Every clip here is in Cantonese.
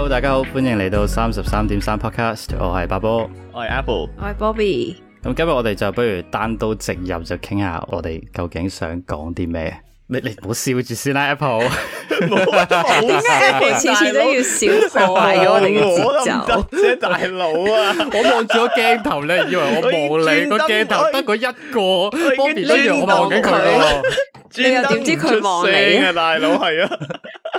好，大家好，歡迎嚟到三十三點三 podcast，我係白波，我係 Apple，我係 Bobby。咁今日我哋就不如單刀直入就傾下，我哋究竟想講啲咩？你你唔好笑住先啦，Apple。點解 Apple 次次都要笑我？係我哋要專注，大佬啊！我望住個鏡頭咧，以為我望你個鏡頭，得嗰一個 Bobby，都以為我望緊佢。你又點知佢望你啊？大佬係啊。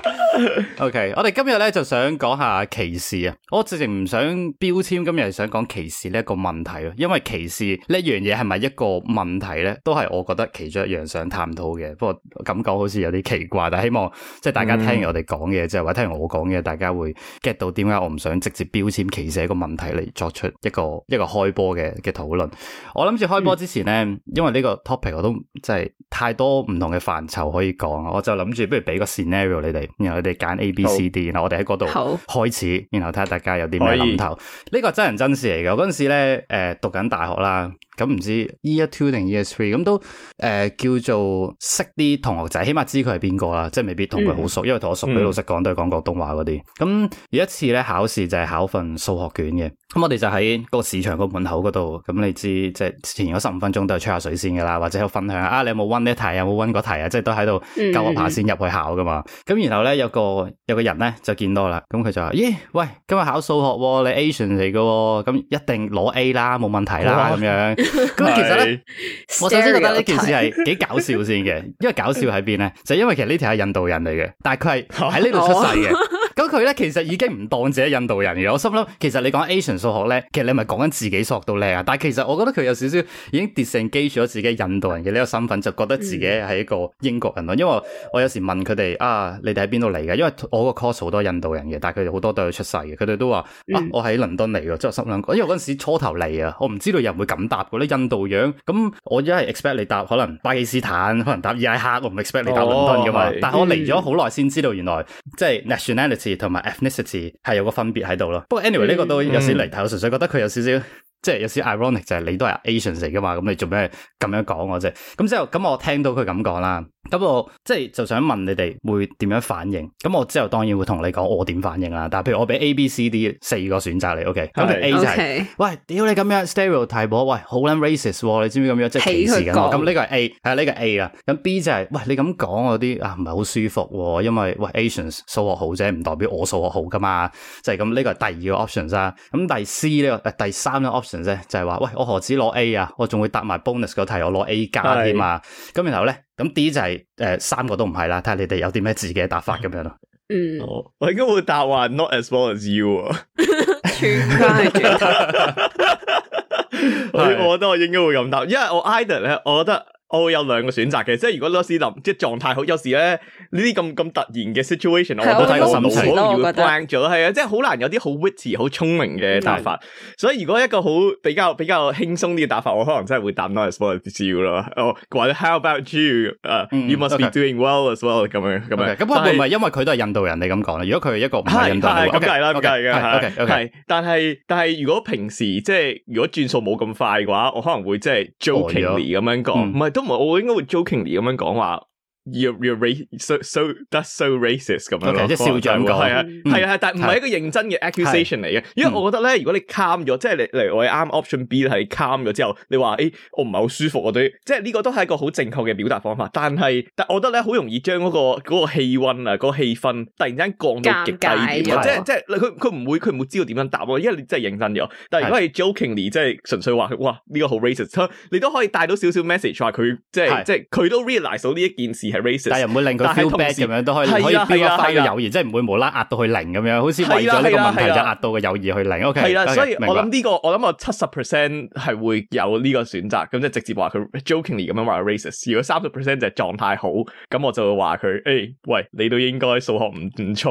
O、okay, K，我哋今日咧就想講下歧視啊！我直情唔想標籤，今日想講歧視呢一個問題咯，因為歧視呢樣嘢係咪一個問題咧，都係我覺得其中一樣想探討嘅。不過感覺好似有啲奇怪，但係希望即係、就是、大家聽完我哋講嘢，即係、嗯、或者聽完我講嘢，大家會 get 到點解我唔想直接標籤歧視一個問題嚟作出一個一個開波嘅嘅討論。我諗住開波之前咧，嗯、因為呢個 topic 我都即係太多唔同嘅範疇可以講，我就諗住不如俾個 scenario 你哋。然後佢哋揀 A、B、C、D，然後我哋喺嗰度開始，好然後睇下大家有啲咩諗頭。呢以個真人真事嚟㗎，我嗰陣時咧，誒、呃，讀緊大學啦。咁唔知 E S two 定 E S three 咁都，誒、呃、叫做識啲同學仔，起碼知佢係邊個啦，即係未必同佢好熟，嗯、因為同我熟啲、嗯、老實講都係講廣東話嗰啲。咁、嗯、有一次咧考試就係考份數學卷嘅，咁、嗯、我哋就喺個市場個門口嗰度，咁、嗯、你知即係前咗十五分鐘都係吹下水先噶啦，或者有分享啊你有冇温呢題，有冇温嗰題啊，即係都喺度教我爬先入去考噶嘛。咁、嗯嗯、然後咧有個有個人咧就見到啦，咁、嗯、佢就話咦喂，今日考數學喎，你 Asian 嚟噶，咁一定攞 A 啦，冇問題啦咁樣。咁 其實咧， 我首先覺得呢件事係幾搞笑先嘅， 因為搞笑喺邊咧？就係、因為其實呢條係印度人嚟嘅，但係佢係喺呢度出世嘅。 哦 咁佢咧其實已經唔當自己，自，己少少經自己印度人，我心諗其實你講 Asian 數學咧，其實你咪講緊自己數學到叻啊！但係其實我覺得佢有少少已經跌性記住咗自己印度人嘅呢個身份，就覺得自己係一個英國人咯。因為我有時問佢哋啊，你哋喺邊度嚟嘅？因為我個 course 好多印度人嘅，但係佢哋好多都係出世嘅。佢哋都話啊，我喺倫敦嚟嘅。」即係心諗，因為嗰陣時初頭嚟啊，我唔知道有人會咁答嘅印度樣，咁我一係 expect 你答可能巴基斯坦，可能答伊拉克，我唔 expect 你答倫敦嘅嘛。哦、但係我嚟咗好耐先知道原來、嗯、即係同埋 ethnicity 係有個分別喺度咯，不過 anyway 呢、嗯、個都有少少離題，嗯、我純粹覺得佢有少少即係有少 ironic，就係你都係 Asian 嚟噶嘛，咁你做咩咁樣講，我啫？咁之後，咁我聽到佢咁講啦。咁我即係就想問你哋會點樣反應？咁我之後當然會同你講我點反應啦。但係譬如我俾 A、B、C、D 四個選擇你，OK？咁是 A 就係、是、okay. 喂，屌你咁樣 stereotype，喂好撚 racist，你知唔知咁樣即係歧視咁？咁呢個係 A 係呢個 A 啊。咁、這個、B 就係、是、喂你咁講我啲啊唔係好舒服、啊，因為喂 Asians 數學好啫，唔代表我數學好噶嘛。就係咁呢個係第二個 option 啊。咁第 C 呢、這個、啊、第三個 option 啫，就係話喂我何止攞 A 啊？我仲會答埋 bonus 嗰題，我攞 A 加添啊。咁是然後咧。咁 D 就係、是、誒、呃、三個都唔係啦，睇下你哋有啲咩自己嘅答法咁樣咯。嗯，我應該會答話 Not as well as you。專我覺得我應該會咁答，因為我 ider 咧，我覺得。我會有兩個選擇嘅，即係如果 l 嗰時諗即係狀態好，有時咧呢啲咁咁突然嘅 situation，我好睇個神氣咯，我會關咗，係啊，即係好難有啲好 witty、好聰明嘅答法。所以如果一個好比較比較輕鬆啲嘅答法，我可能真係會答 nice for you 咯。哦，how about you？you must be doing well as well 咁樣咁樣。咁會唔會因為佢都係印度人嚟咁講咧？如果佢係一個唔係印度人，係咁梗係啦，咁梗係啦，係係。但係但係，如果平時即係如果轉數冇咁快嘅話，我可能會即係 jokingly 咁樣講，唔係都。唔係，我應該會 jokingly 咁樣講話。You're you're so so that's so racist 咁樣 Okay,、uh, 即係笑將個係啊係啊，嗯、但係唔係一個認真嘅 accusation 嚟嘅。是因為我覺得咧，嗯、如果你 calm 咗，即係你嚟我哋啱 option B 係 calm 咗之後，你話誒、欸、我唔係好舒服，我對於，即係呢個都係一個好正確嘅表達方法，但係但我覺得咧好容易將嗰、那個嗰、那個氣溫啊嗰氣氛突然間降到極低點，即係即係佢佢唔會佢唔會知道點樣答，因為你真係認真咗。但係如果係 jokingly 即係純粹話哇呢、這個好 racist，你都可以帶到少少 message 話佢即係是的 即係佢都 realise 到呢一件事。但係又唔會令佢 feel bad 咁樣都可以，可以 build 友誼，即係唔會無啦壓到佢零咁樣，好似為咗呢個問題就壓到個友誼去零。O K，明啦。所以我諗呢個我諗我七十 percent 係會有呢個選擇，咁即係直接話佢 jokingly 咁樣話 racist。如果三十 percent 就係狀態好，咁我就會話佢誒喂，你都應該數學唔唔錯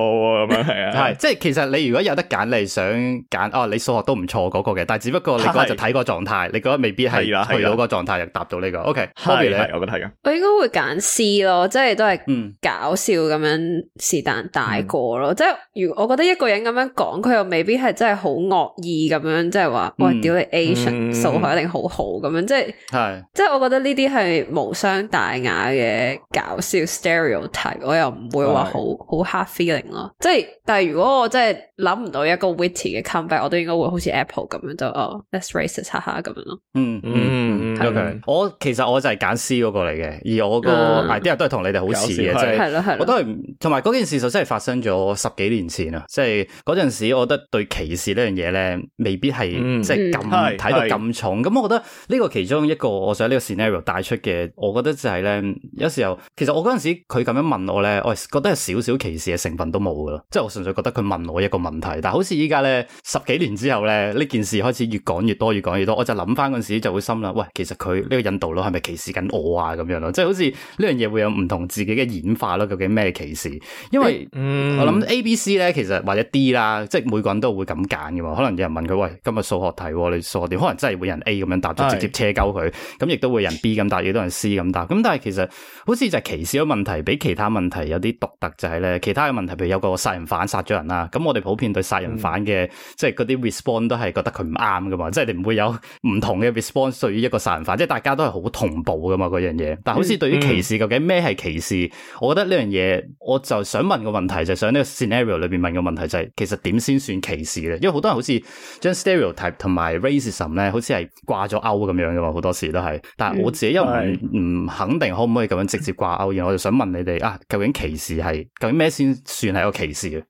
咁樣係啊。係即係其實你如果有得揀，你想揀哦，你數學都唔錯嗰個嘅，但係只不過你覺得就睇個狀態，你覺得未必係去到個狀態就答到呢個。O K，我覺得係嘅。我應該會揀 C 咯。我即係都係搞笑咁樣是但大過咯，即係如我覺得一個人咁樣講，佢又未必係真係好惡意咁樣，即係話我屌你 Asian 數學一定好好咁樣，即係即係我覺得呢啲係無傷大雅嘅搞笑 stereotype，我又唔會話好好 hard feeling 咯。即係但係如果我真係諗唔到一個 witty 嘅 comeback，我都應該會好似 Apple 咁樣就哦 let’s race 下下咁樣咯。嗯嗯嗯，O.K. 我其實我就係揀 C 嗰個嚟嘅，而我個啲人。都係同你哋好似嘅，即係、就是、我都係，同埋嗰件事就真係發生咗十幾年前啦。即係嗰陣時，我覺得對歧視呢樣嘢咧，未必係即係咁睇到咁重。咁、嗯嗯、我覺得呢個其中一個，我想呢個 scenario 帶出嘅，我覺得就係、是、咧，有時候其實我嗰陣時佢咁樣問我咧，我覺得係少少歧視嘅成分都冇噶啦。即、就、係、是、我純粹覺得佢問我一個問題，但係好似依家咧十幾年之後咧，呢件事開始越講越多，越講越多，我就諗翻嗰陣時就會心諗。喂，其實佢呢、這個印度佬係咪歧視緊我啊？咁樣咯，即係好似呢樣嘢會有。唔同自己嘅演化咯，究竟咩歧視？因為、嗯、我諗 A、B、C 咧，其實或者 D 啦，即係每個人都會咁揀嘅嘛。可能有人問佢，喂，今日數學題，你數學點？可能真係會人 A 咁樣答，就直接車鳩佢。咁亦都會人 B 咁答，亦都人 C 咁答。咁但係其實好似就係歧視嘅問題，比其他問題有啲獨特就係、是、咧，其他嘅問題譬如有個殺人犯殺咗人啦，咁我哋普遍對殺人犯嘅、嗯、即係嗰啲 respond 都係覺得佢唔啱噶嘛，即係你唔會有唔同嘅 response 對於一個殺人犯，即係大家都係好同步噶嘛嗰樣嘢。但係好似對於歧視，究竟咩？嗯嗯係歧視，我覺得呢樣嘢，我就想問個問題，就是，想呢個 scenario 裏邊問個問題，就是，就係其實點先算歧視咧？因為好多人好似將 stereotype 同埋 racism 咧，好似係掛咗勾咁樣嘅嘛，好多時都係。但係我自己又唔唔肯定可唔可以咁樣直接掛勾，然後我就想問你哋啊，究竟歧視係究竟咩先算係個歧視？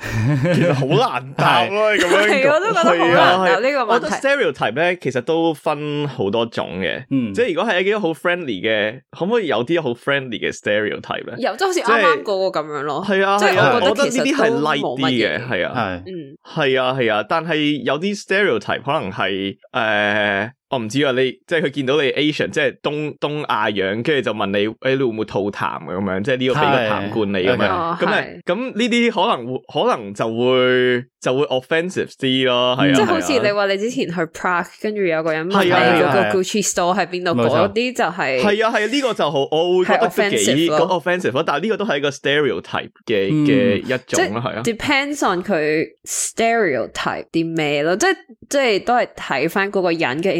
其實好難答咯，咁樣，係我都覺得好難答呢個問題。我覺得 stereotype 咧，其實都分好多種嘅，即係如果係一啲好 friendly 嘅，可唔可以有啲好 friendly 嘅 stereotype 咧？有，即係好似啱啱嗰個咁樣咯。係啊，即係我覺得呢啲係 light 啲嘅，係啊，嗯，係啊，係啊，但係有啲 stereotype 可能係誒。我唔知啊，你即係佢見到你 Asian，即係東東亞樣，跟住就問你誒你會唔會吐痰咁樣，即係呢個俾個痰罐你咁樣。咁啊，咁呢啲可能會可能就會就會 offensive 啲咯，係啊。即係好似你話你之前去 park，跟住有個人問你嗰個 Gucci store 喺邊度，嗰啲就係係啊係啊，呢個就好我會覺得幾好 offensive 啊，但係呢個都係一個 stereotype 嘅嘅一種咯，係啊。Depends on 佢 stereotype 啲咩咯，即係即係都係睇翻嗰個人嘅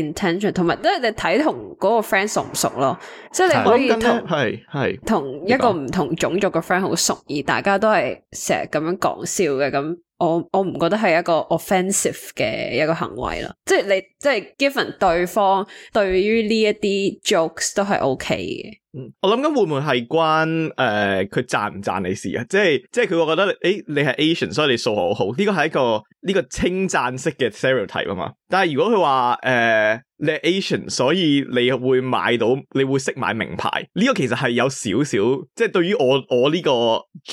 同埋都係你睇同嗰個 friend 熟唔熟咯，即係你可以同係係同一個唔同種族嘅 friend 好熟，而大家都係成日咁樣講笑嘅咁，我我唔覺得係一個 offensive 嘅一個行為咯，即係你。即係 given 對方對於呢一啲 jokes 都係 OK 嘅，嗯，我諗緊會唔會係關誒佢讚唔讚你事啊？即係即係佢會覺得誒你係 Asian，所以你數學好好，呢個係一個呢個稱讚式嘅 stereotype 啊嘛。但係如果佢話誒你 Asian，所以你會買到你會識買名牌，呢個其實係有少少，即係對於我我呢個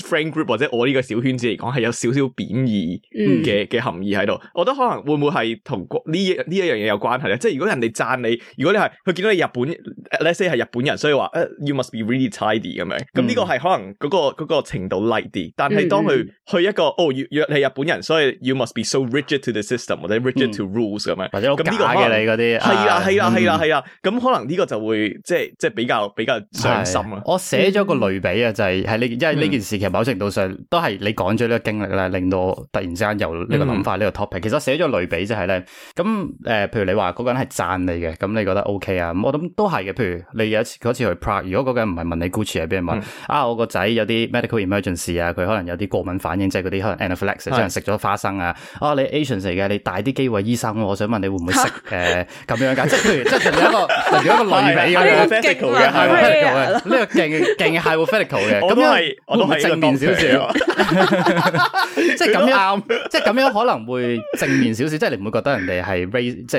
friend group 或者我呢個小圈子嚟講係有少少貶義嘅嘅、嗯、含義喺度。我覺得可能會唔會係同呢呢一樣。有關係咧，即係如果人哋讚你，如果你係佢見到你日本，let's say 係日本人，所以話誒，you must be really tidy 咁樣，咁呢個係可能嗰、嗰個、嗰個程度 light 啲。但係當佢去一個、嗯、哦約你日本人，所以 you must be so rigid to the system、嗯、或者 rigid to rules 咁樣，或者好假嘅你嗰啲，係啊，係啊，係啊，係啊。咁可能呢個就會即係即係比較比較傷心啊。我寫咗個類比啊，就係係呢，因為呢件事其實某程度上都係你講咗呢個經歷咧，令到我突然之間有呢個諗法呢、呢個 topic，其實寫咗類比就係、係、咧，咁誒。呃譬如你話嗰個人係讚你嘅，咁你覺得 O K 啊？我諗都係嘅。譬如你有一次去 pract，如果嗰個人唔係問你 Gucci 係邊人問啊，我個仔有啲 medical emergency 啊，佢可能有啲過敏反應，即係嗰啲可能 anaphylaxis，即係食咗花生啊。哦，你 Asian 嚟嘅，你大啲機會醫生，我想問你會唔會食誒咁樣嘅？即係譬如即係一個一個類比咁嘅，medical 嘅，係啊，呢個勁勁係會 medical 嘅。我都係，我都係正面少少，即係咁樣，即係咁樣可能會正面少少，即係你唔會覺得人哋係 raise 即。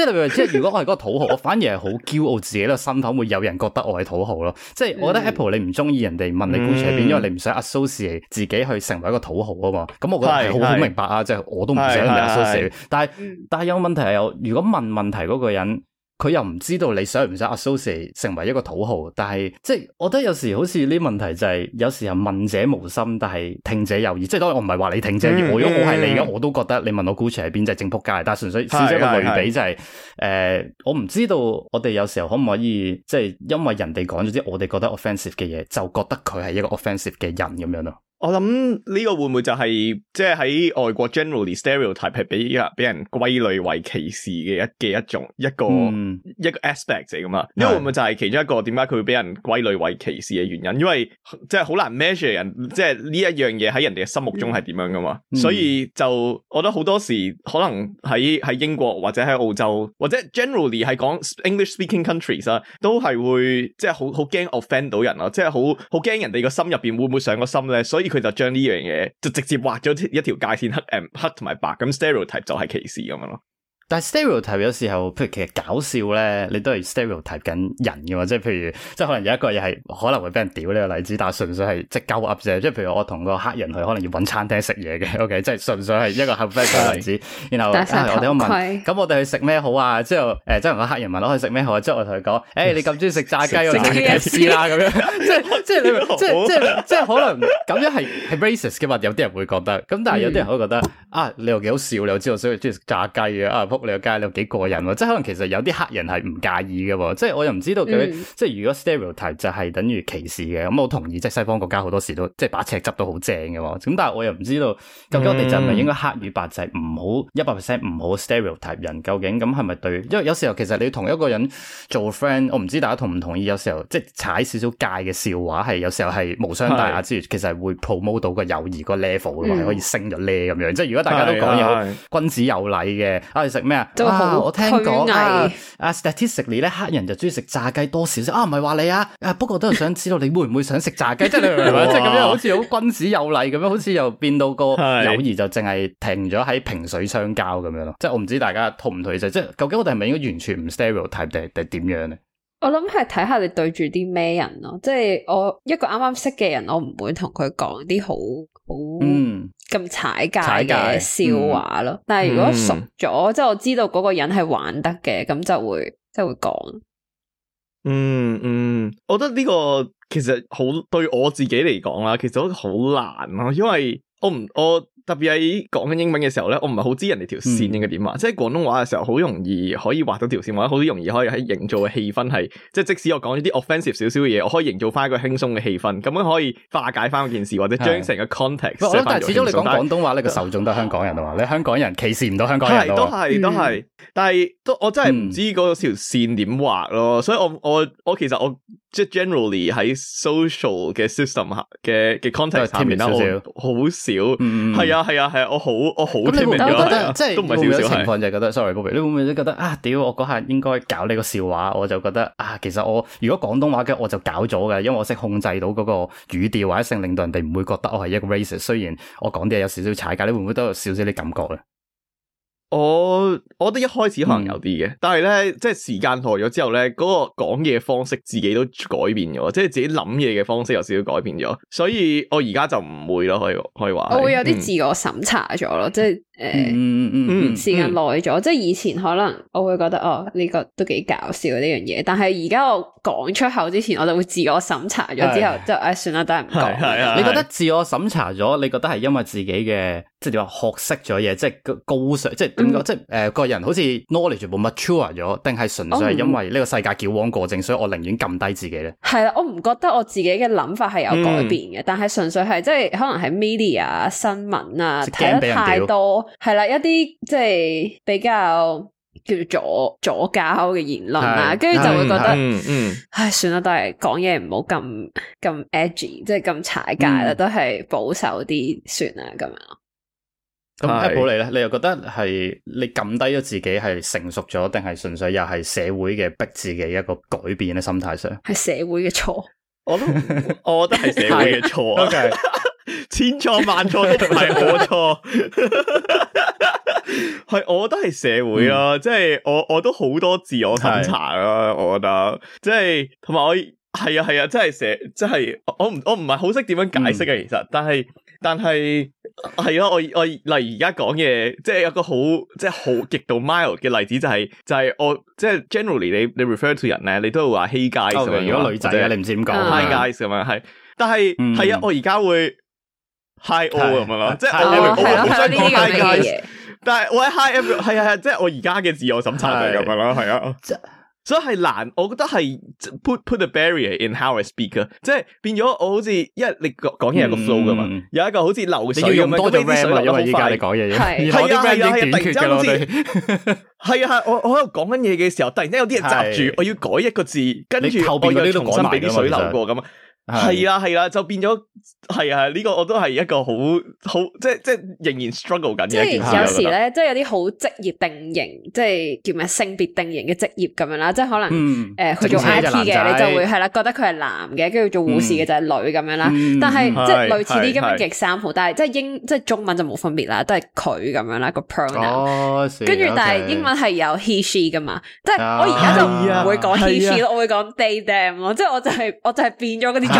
即係如果我係個土豪，我反而係好驕傲自己咯，心諗會有人覺得我係土豪咯。即係我覺得 Apple 你唔中意人哋問你故事喺邊，mm. 因為你唔想 Associate 自己去成為一個土豪啊嘛。咁我覺得係好好明白啊，即係是我都唔想人哋 Associate。但係但係有問題係有，如果問問題嗰個人。佢又唔知道你想唔想 associate 成為一個土豪，但係即係我覺得有時好似呢問題就係、是、有時候問者無心，但係聽者有意。即係當然我唔係話你聽者有意，如果、嗯、我係你，嘅、嗯，我都覺得你問我 GUCCI 係邊，隻、嗯、正仆街。但係純粹的試下個類比就係、是、誒的、呃，我唔知道我哋有時候可唔可以即係因為人哋講咗啲我哋覺得 offensive 嘅嘢，就覺得佢係一個 offensive 嘅人咁樣咯。我諗呢個會唔會就係、是、即係喺外國 generally stereotype 係俾人俾人歸類為歧視嘅一嘅一種一個、mm. 一個 aspect 嚟噶嘛？Mm. 因為會唔會就係其中一個點解佢會俾人歸類為歧視嘅原因？因為即係好難 measure 人，即係呢一樣嘢喺人哋嘅心目中係點樣噶嘛？Mm. 所以就我覺得好多時可能喺喺英國或者喺澳洲或者 generally 係講 English speaking countries 啊，都係會即係好好驚 offend 到人囉！即係好好驚人哋個心入邊會唔會上個心咧，所以。佢就將呢樣嘢就直接畫咗一條界線，黑，誒，黑同埋白，咁 stereotype 就係歧視咁樣咯。但係 stereotype 有時候，譬如其實搞笑咧，你都係 stereotype 緊人嘅嘛，即係譬如，即係可能有一個嘢係可能會俾人屌呢個例子，但係純粹係即係鳩噏啫，即係譬如我同個黑人去，可能要揾餐廳食嘢嘅，O K，即係純粹係一個 happening 嘅例子。然後、啊、我哋都問，咁我哋去食咩好啊？之後誒，即係個黑人問我去食咩好啊？之後我同佢講，誒，你咁中意食炸雞，食 KFC 啦咁樣，即即係你即即即可能咁樣係係 racist 嘅嘛？People people，有啲人會覺得，咁但係有啲人會覺得啊，你又幾好笑，你又知道所以中意食炸雞嘅你了解你有幾過癮喎、啊，即係可能其實有啲黑人係唔介意嘅喎，即係我又唔知道佢、嗯、即係如果 stereotype 就係等於歧視嘅，咁、嗯、我同意，即係西方國家好多時都即係把尺執到好正嘅喎，咁但係我又唔知道究竟我哋就係咪應該黑與白就係唔好一百 percent 唔好 stereotype 人，究竟咁係咪對？因為有時候其實你同一個人做 friend，我唔知大家同唔同意，有時候即係踩少少界嘅笑話係有時候係無傷大雅之餘，是其實係會 promote 到個友誼個 level 嘅、啊、係、嗯、可以升咗 level 咁樣。即係如果大家都講有的君子有禮嘅，啊、哎、食。咩啊？ 啊，我聽講啊 statistically 嚟咧，黑人就中意食炸雞多少少啊，唔係話你啊，誒，不過我都係想知道你會唔會想食炸雞啫？係咪？ 即係咁樣好似好君子有禮咁樣，好似又變到個友誼就淨係停咗喺萍水相交咁樣咯。即係我唔知大家同唔同意就，即係究竟我哋係咪應該完全唔 stereotype 定係點樣咧？我諗係睇下你對住啲咩人咯，即係我一個啱啱識嘅人，我唔會同佢講啲好好咁踩界嘅笑話咯。嗯、但係如果熟咗，即係、嗯、我知道嗰個人係玩得嘅，咁就會即係會講。嗯嗯，我覺得呢個其實好對我自己嚟講啦，其實好難咯，因為我唔我。特別喺講緊英文嘅時候咧，我唔係好知人哋條線應該點畫。嗯、即係廣東話嘅時候，好容易可以畫到條線，或者好容易可以喺營造嘅氣氛係，即係即使我講啲 offensive 少少嘢，我可以營造翻一個輕鬆嘅氣氛，咁樣可以化解翻件事，或者將成個 context 是。但係始終你講廣東話，但你個受眾都係香港人啊嘛？你香港人歧視唔到香港人係都係都係、嗯，但係都我真係唔知嗰條線點畫咯。所以我、嗯、我我其實我即係 generally 喺 social 嘅 system 嘅嘅 context 係天然少好少係啊。係啊係啊，啊，我好我好聽，都唔、啊、得，少少、啊。即係有冇有情況就係、啊、覺得，sorry，高偉，你會唔會都覺得啊？屌、啊，我嗰下應該搞你個笑話，我就覺得啊，其實我如果廣東話嘅我就搞咗嘅，因為我識控制到嗰個語調或者聲，令到人哋唔會覺得我係一個 racist。雖然我講嘢有少少踩界，你會唔會都有少少啲感覺啊？我我覺得一開始可能有啲嘅，嗯、但係咧即係時間耐咗之後咧，嗰個講嘢方式自己都改變咗，即係自己諗嘢嘅方式有少少改變咗，所以我而家就唔會咯，可以可以話。我會有啲自我審查咗咯，嗯、即係。誒，嗯嗯嗯、時間耐咗，嗯嗯、即係以前可能我會覺得哦呢、這個都幾搞笑呢樣嘢，但係而家我講出口之前，我就會自我審查咗之後，是就誒、哎、算啦，得唔講。是是是是你覺得自我審查咗，你覺得係因為自己嘅即係點話學識咗嘢，即係高尚，嗯、即係點講，即係誒個人好似 knowledge 部 mature 咗，定係純粹係因為呢個世界矯枉過正，所以我寧願撳低自己咧？係啦、嗯嗯，我唔覺得我自己嘅諗法係有改變嘅，但係純粹係即係可能係 media、啊、新聞啊睇得太多。係 啦，一啲即係比較叫做左左膠嘅言論啊，跟住是就會覺得，嗯嗯，唉，算啦，都係講嘢唔好咁咁 edgy 即係咁踩界啦，都係保守啲算啦，咁樣。咁 Apple 你咧，是你又覺得係你撳低咗自己係成熟咗，定係純粹又係社會嘅逼自己一個改變嘅心態上？係社會嘅錯， 我都不， 我覺得係社會嘅錯。 okay. 千錯萬錯都唔係我錯，係 我都係社會啊，嗯、即係我我都好多自我審查啊。是我覺得，即係同埋我係啊係啊，即係社即係我唔我唔係好識點樣解釋嘅、啊，嗯、其實，但係但係係咯，我我例如而家講嘢，即係有個好即係好極度 mild 嘅例子就係、是、就係、是、我即係 generally 你你 refer to 人咧，你，anyone，你都會話 hey guys，okay，如果女仔啊，就是、你唔知點講、嗯，hi guys 咁樣係，但係係啊，我而家會。Hi，O 咁樣咯，即係我唔想講 Hi Guys 但係我喺 Hi Everyone 係係即係我而家嘅自我審查就係咁樣啦，係啊，所以係難，我覺得係 put put a barrier in how I speak，即係變咗我好似因為你講嘢有個 flow 噶嘛，有一個好似流水咁多條水咁快，你講嘢，係啊係啊係啊，突然之間有啲係啊，我我喺度講緊嘢嘅時候，突然之間有啲人閘住，我要改一個字，跟住變咗重新俾啲水流過咁啊。係啦，係啦，就變咗，係啊，呢個我都係一個好，好，即係，即係仍然 struggle 緊嘅一件即係有時咧，即係有啲好職業定型，即係叫咩性別定型嘅職業咁樣啦，即係可能誒佢做 I T 嘅，你就會係啦，覺得佢係男嘅，跟住做護士嘅就係女咁樣啦。但係即係類似啲咁嘅 example，但係即係英即係中文就冇分別啦，都係佢咁樣啦個 pronoun。跟住但係英文係有 he she 噶嘛，即係我而家就唔會講 he she 咯，我會講 they them 咯，即係我就係我就係變咗啲。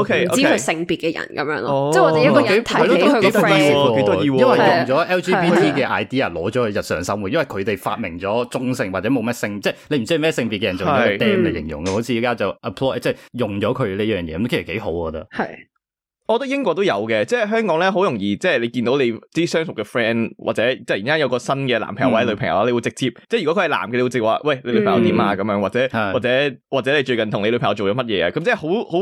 唔知佢性別嘅人咁樣咯，哦、okay, okay。即係我哋一個人提起佢嘅 friend，因為用咗 LGBT 嘅 idea 攞咗佢日常生活，的因為佢哋發明咗中性或者冇乜性，的即係你唔知係咩性別嘅人，做咗 them 嚟形容嘅，好似而家就 apply，即係用咗佢呢樣嘢，咁其實幾好，我覺得。係。我覺得英國都有嘅，即係香港咧，好容易即係你見到你啲相熟嘅 friend 或者即係而家有個新嘅男朋友或者女朋友、嗯你，你會直接即係如果佢係男嘅，你會直接話喂，你女朋友點啊咁、嗯、樣，或者、嗯、或者或者你最近同你女朋友做咗乜嘢啊？咁即係好好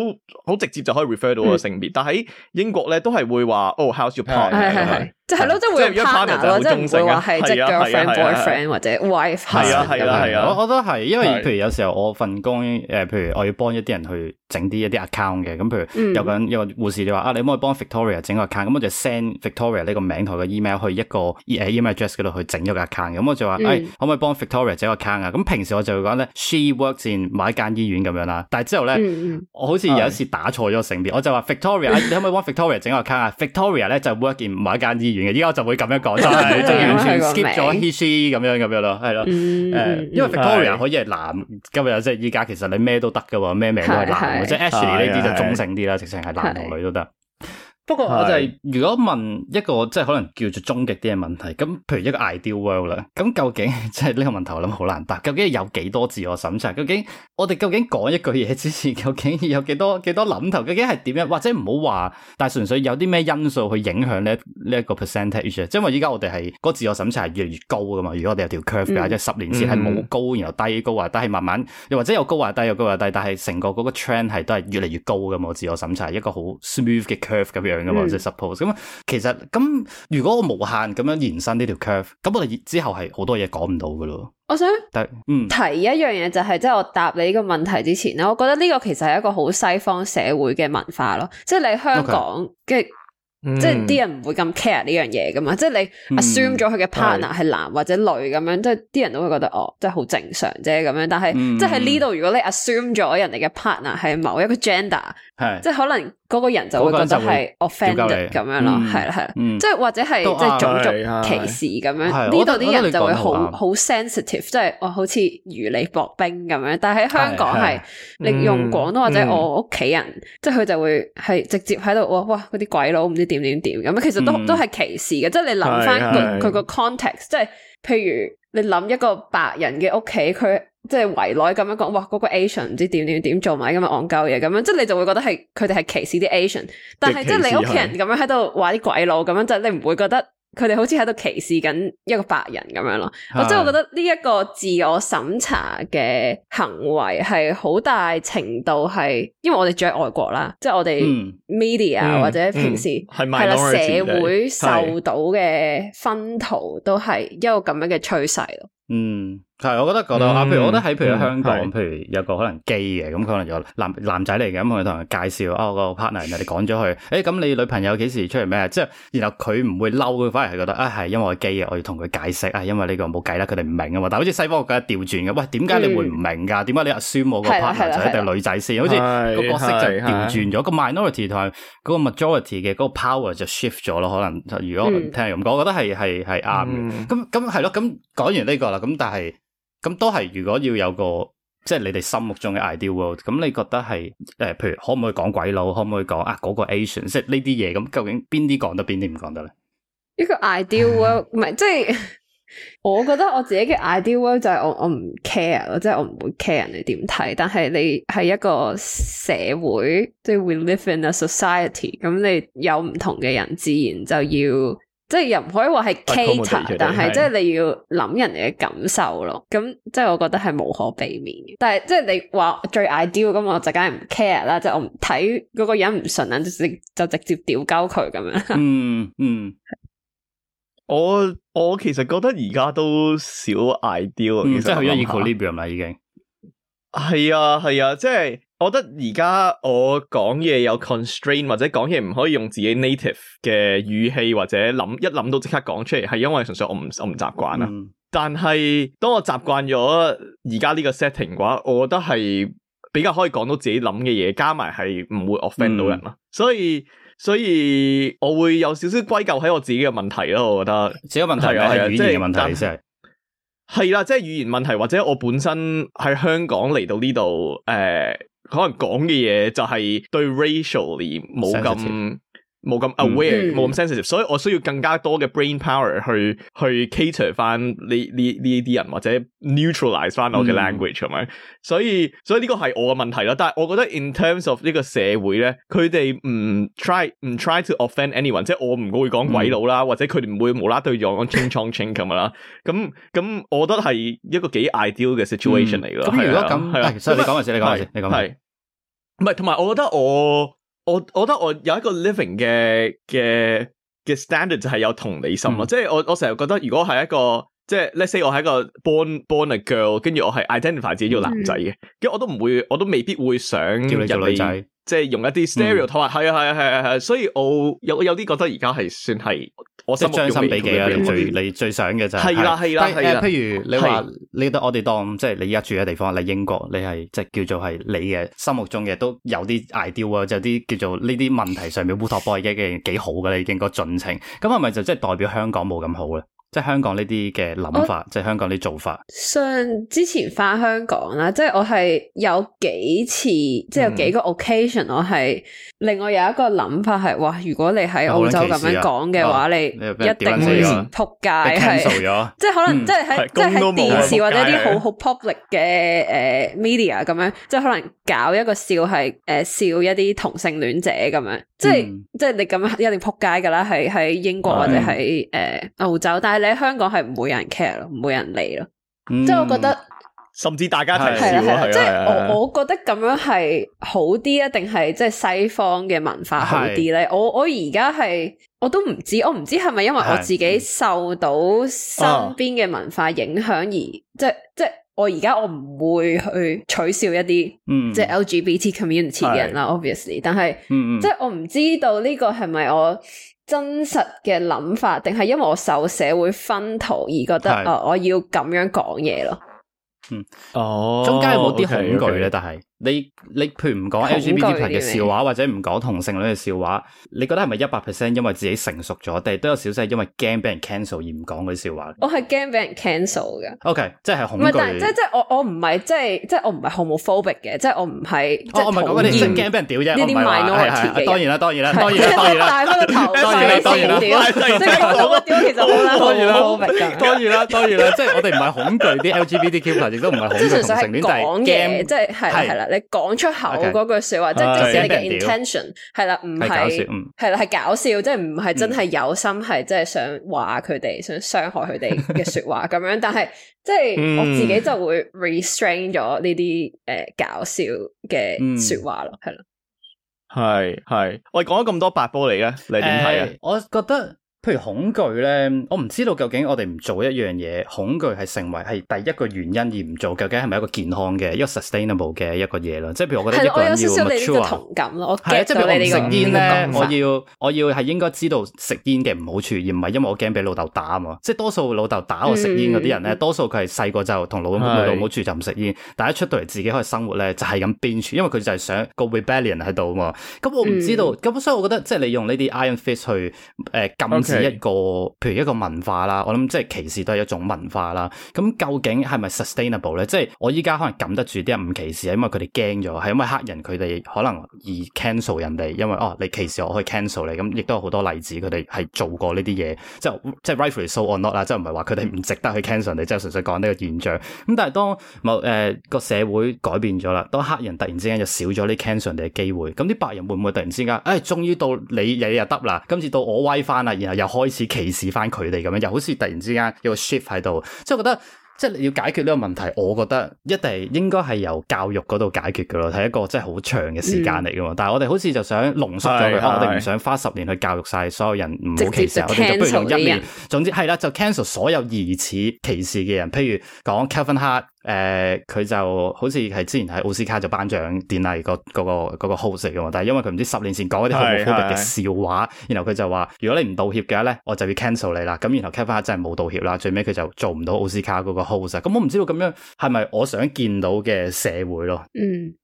好直接就可以 refer 到個性別，嗯、但喺英國咧都係會話哦、oh，how's your partner 咁樣。即係咯，即係 partner 即係話係即係 girlfriend boyfriend 或者 wife 係啊係啊係啊！我我覺得係，因為譬如有時候我份工誒，譬如我要幫一啲人去整啲一啲 account 嘅咁，譬如有緊一個護士你話啊，你可唔可以幫 Victoria 整個 account？咁我就 send Victoria 呢個名同個 email 去一個 email address 嗰度去整咗個 account。咁我就話誒，可唔可以幫 Victoria 整個 account 啊？咁平時我就會講咧，she works in 某一間醫院咁樣啦。但係之後咧，我好似有一次打錯咗性別，我就話 Victoria，你可唔可以幫 Victoria 整個 account 啊？Victoria 咧就 work in 某一間醫院。依家就會咁樣講，就完全 skip 咗 he she 咁樣咁樣咯，係咯，誒，因為 Victoria 可以係男，是今日即係依家其實你咩都得嘅喎，咩名都係男。是是即係 Ashley 呢啲就中性啲啦，直情係男同女都得。是是不過我就係如果問一個即係可能叫做終極啲嘅問題，咁譬如一個 ideal world 啦，咁究竟即係呢個問題我諗好難答。究竟有幾多自我審查？究竟我哋究竟講一句嘢之前，究竟有幾多幾多諗頭？究竟係點樣？或者唔好話，但係純粹有啲咩因素去影響咧呢一個 percentage？即因為依家我哋係、個自我審查係越嚟越高噶嘛。如果我哋有條 curve 嘅話，嗯、即係十年前係冇高，然後低高啊，低，係慢慢又或者有高啊低，有高啊低，但係成個嗰個 trend 係都係越嚟越高噶嘛。自我審查一個好 smooth 嘅 curve 咁樣。咁啊，suppose 咁。其實咁，如果我無限咁樣延伸呢條 curve，咁我哋之後係好多嘢講唔到噶咯。我想，但嗯，提一樣嘢就係，即係我答你呢個問題之前咧，我覺得呢個其實係一個好西方社會嘅文化咯。即係你香港嘅。Okay. 即係啲人唔會咁 care 呢樣嘢噶嘛，即係你 assume 咗佢嘅 partner 係男或者女咁樣，即係啲人都會覺得哦，即係好正常啫咁樣。但係即係喺呢度，如果你 assume 咗人哋嘅 partner 係某一個 gender，係即係可能個人就會覺得係 offended 咁樣咯，係啦係啦，即係或者係即係種族歧視咁樣。呢度啲人就會好好 sensitive，即係哦，好似如履薄冰咁樣。但係喺香港係，你用廣東或者我屋企人，即係佢就會係直接喺度哇哇啲鬼佬唔知。點點點咁啊，其實都都係歧視嘅，嗯、即係你諗翻佢佢個 context，即係譬如你諗一個白人嘅屋企，佢即係圍內咁樣講，哇嗰，那個 Asian 唔知點點點做埋咁樣戇鳩嘢，咁樣即係你就會覺得係佢哋係歧視啲 Asian，但係即係你屋企人咁樣喺度話啲鬼佬咁樣，即係你唔會覺得？佢哋好似喺度歧視緊一個白人咁樣咯，的我真係覺得呢一個自我審查嘅行為係好大程度係，因為我哋住喺外國啦，即係我哋 media 或者平時係、嗯嗯嗯、啦社會受到嘅薰陶都係一個咁樣嘅趨勢咯。嗯。係，我覺得覺得啊，譬如我覺得喺譬如香港，譬如有個可能 gay 嘅，咁佢可能就男男仔嚟嘅，咁佢同人介紹啊個 partner，人哋講咗佢，誒咁你女朋友幾時出嚟咩？即係然後佢唔會嬲，佢反而係覺得啊係因為我 gay 嘅，我要同佢解釋啊，因為呢個冇計啦，佢哋唔明啊嘛。但好似西方嘅調轉嘅，喂點解你會唔明㗎？點解、嗯、你假設冇個 partner 就一定女仔先？好似的個角色就調轉咗，個 minority 同埋嗰個 majority 嘅嗰個 power 就 shift 咗咯。可能如果我聽咁講，嗯、我覺得係係係啱嘅。咁咁係咯，咁講、嗯、完呢個啦，咁但係。咁都係，如果要有個即係你哋心目中嘅 ideal world，咁你覺得係誒，譬如可唔可以講鬼佬，可唔可以講啊嗰個 Asian，即係呢啲嘢咁，究竟邊啲講得，邊啲唔講得咧？呢個 ideal world，唔係即係，我覺得我自己嘅 ideal world 就係我我唔 care，即係我唔會 care 人哋點睇，但係你係一個社會，即係 we live in a society，咁你有唔同嘅人自然就要。即係又唔可以話係 cater 但係即係你要諗人哋嘅感受咯。咁是的 即係我覺得係無可避免嘅。但係即係你話最 ideal 咁，我就梗係唔 care 啦。即係我唔睇嗰個人唔順眼，就直就直接屌鳩佢咁樣嗯。嗯嗯，我我其實覺得而家都少 ideal，即係去、嗯、咗 equilibrium 啦已經。係啊係啊，啊，即係。我覺得而家我講嘢有 constraint，或者講嘢唔可以用自己 native 嘅語氣，或者諗一諗到即刻講出嚟，係因為純粹我唔我唔習慣啦。嗯、但係當我習慣咗而家呢個 setting 嘅話，我覺得係比較可以講到自己諗嘅嘢，加埋係唔會 offend 到人啦。嗯、所以所以我會有少少歸咎喺我自己嘅問題咯。我覺得，自己問題啊，係啊，即係語言問題，即係係啦，即係、就是、語言問題，或者我本身喺香港嚟到呢度誒。呃可能講嘅嘢就係對 racially 冇咁冇咁 aware，冇咁 sensitive，所以我需要更加多嘅 brain power 去去 cater 翻呢呢呢啲人或者 neutralize 翻我嘅 language 咁樣。所以所以呢個係我嘅問題啦。但係我覺得 in terms of 呢個社會咧，佢哋唔 try 唔 try to offend anyone，即係我唔會講鬼佬啦，或者佢哋唔會無啦對住我講 ching chong ching 咁樣啦。咁咁，我覺得係一個幾 ideal 嘅 situation 嚟㗎。咁如果咁，係其實你講埋先，你講埋先，你講係。唔係，同埋我覺得我我我覺得我有一個 living 嘅嘅嘅 standard 就係有同理心咯。嗯、即係我我成日覺得如果係一個即係，let's say 我係一個 born born a girl，跟住我係 identify 自己做男仔嘅，跟住、嗯、我都唔會，我都未必會想叫你做女仔。即係用一啲 stereo 同埋，係啊係啊係啊係啊，所以我有有啲覺得而家係算係我將心比己啊，你最你最想嘅就係係啦係啦係啦。譬如你話的你得我哋當即係你而家住嘅地方，你英國，你係即係叫做係你嘅心目中嘅都有啲 ideal 啊，有啲叫做呢啲問題上面烏托邦嘅嘅幾好噶啦， ッッ已經個進程，咁係咪就即係代表香港冇咁好咧？即係香港呢啲嘅諗法，即係香港啲做法。上之前翻香港啦，即係我係有幾次，即係有幾個 occasion，我係另外有一個諗法係，哇！如果你喺澳洲咁樣講嘅話，你一定扑街。係即係可能即係喺即係喺電視或者啲好好 public 嘅誒 media 咁樣，即係可能搞一個笑係誒笑一啲同性戀者咁樣，即係即係你咁樣一定扑街噶啦。係喺英國或者喺誒澳洲，但你香港係唔會有人 care 咯，唔會有人理咯，嗯、即係我覺得，甚至大家睇笑即係我我覺得咁樣係好啲，定係即係西方嘅文化好啲咧是。我我而家係我都唔知，我唔知係咪因為我自己受到身邊嘅文化影響而、啊、即係即係我而家我唔會去取笑一啲、嗯、即係 LGBT community 嘅人啦。Obviously，是但係即係我唔知道呢個係咪我。嗯嗯真實嘅諗法，定係因為我受社會熏陶而覺得，啊是、呃、我要咁樣講嘢咯。嗯，哦、oh，中間有冇啲恐懼咧？但係。你你譬如唔講 LGBTQ 嘅笑話，或者唔講同性戀嘅笑話，你覺得係咪一百 percent 因為自己成熟咗，定係都有少少係因為驚俾人 cancel 而唔講嗰啲笑話？我係驚俾人 cancel 嘅。OK，即係恐。唔係，但係即即我我唔係即即我唔係 homophobic 嘅，即係我唔係。我我咪講嗰啲即唔驚俾人屌啫。呢啲咪係。當然啦，當然啦，當然啦。大翻個頭曬先屌。即係我屌，其實當然啦，當然啦，當然啦。當然啦，即係我哋唔係恐懼啲 LGBTQ，亦都唔係恐懼同性戀。講嘅即係係啦。你講出口嗰句說話，Okay. 即係即使你 intention 係、啊、啦，唔係係啦，係搞笑，即係唔係真係有心真，係即係想話佢哋，想傷害佢哋嘅說話咁樣。 但係即係、嗯、我自己就會 restrain 咗呢啲誒、呃、搞笑嘅說話咯，係啦，係係、嗯啦，喂，講咗咁多白波嚟嘅，你點睇啊？我覺得。譬如恐懼咧，我唔知道究竟我哋唔做一樣嘢，恐懼係成為係第一個原因而唔做，究竟係咪一個健康嘅一個 sustainable 嘅一個嘢咯？即係譬如我覺得一個人要時你個同感咯，我驚就係你食煙咧，我要我要係應該知道食煙嘅唔好處，而唔係因為我驚俾老豆打啊嘛。即係多數老豆打我食煙嗰啲人咧，嗯、多數佢係細個就同老母、嗯、老母住就唔食煙，的但係一出到嚟自己可以生活咧，就係咁邊住，因為佢就係想、那個 rebellion 喺度啊嘛。咁我唔知道，咁、嗯、所以我覺得即係你用呢啲 iron fist 去誒、呃、禁。Okay. 一個譬如一個文化啦，我諗即係歧視都係一種文化啦。咁究竟係咪 sustainable 咧？即係我依家可能撳得住啲人唔歧視，係因為佢哋驚咗，係因為黑人佢哋可能易 cancel 人哋，因為哦你歧視我，我去 cancel 你。咁、嗯、亦都有好多例子，佢哋係做過呢啲嘢，即係即、就、係、是、rightfully so or not 啦，即係唔係話佢哋唔值得去 cancel 你，即係、嗯、純粹講呢個現象。咁但係當某誒個、呃、社會改變咗啦，當黑人突然之間就少咗你 cancel 人哋嘅機會，咁啲白人會唔會突然之間，哎，終於到你日日得啦，今次到我威翻啦，然後？又開始歧視翻佢哋咁樣，又好似突然之間有個 shift 喺度，即係我覺得，即係要解決呢個問題，我覺得一定應該係由教育嗰度解決嘅咯，係一個即係好長嘅時間嚟嘅嘛。嗯、但係我哋好似就想濃縮咗佢，是是我哋唔想花十年去教育晒所有人唔好歧，歧視，我哋就不如用一年。總之係啦，就 cancel 所有疑似歧視嘅人，譬如講 Kevin Hart。誒，佢、呃、就好似係之前喺奧斯卡就頒獎典禮個嗰個嗰個 host 嘅嘛，但係因為佢唔知十年前講一啲好污糟嘅笑話，是是然後佢就話如果你唔道歉嘅話咧，我就要 cancel 你啦。咁然後 Kappa 翻真係冇道歉啦，最尾佢就做唔到奧斯卡嗰個 host。咁我唔知道咁樣係咪我想見到嘅社會咯？嗯，嗯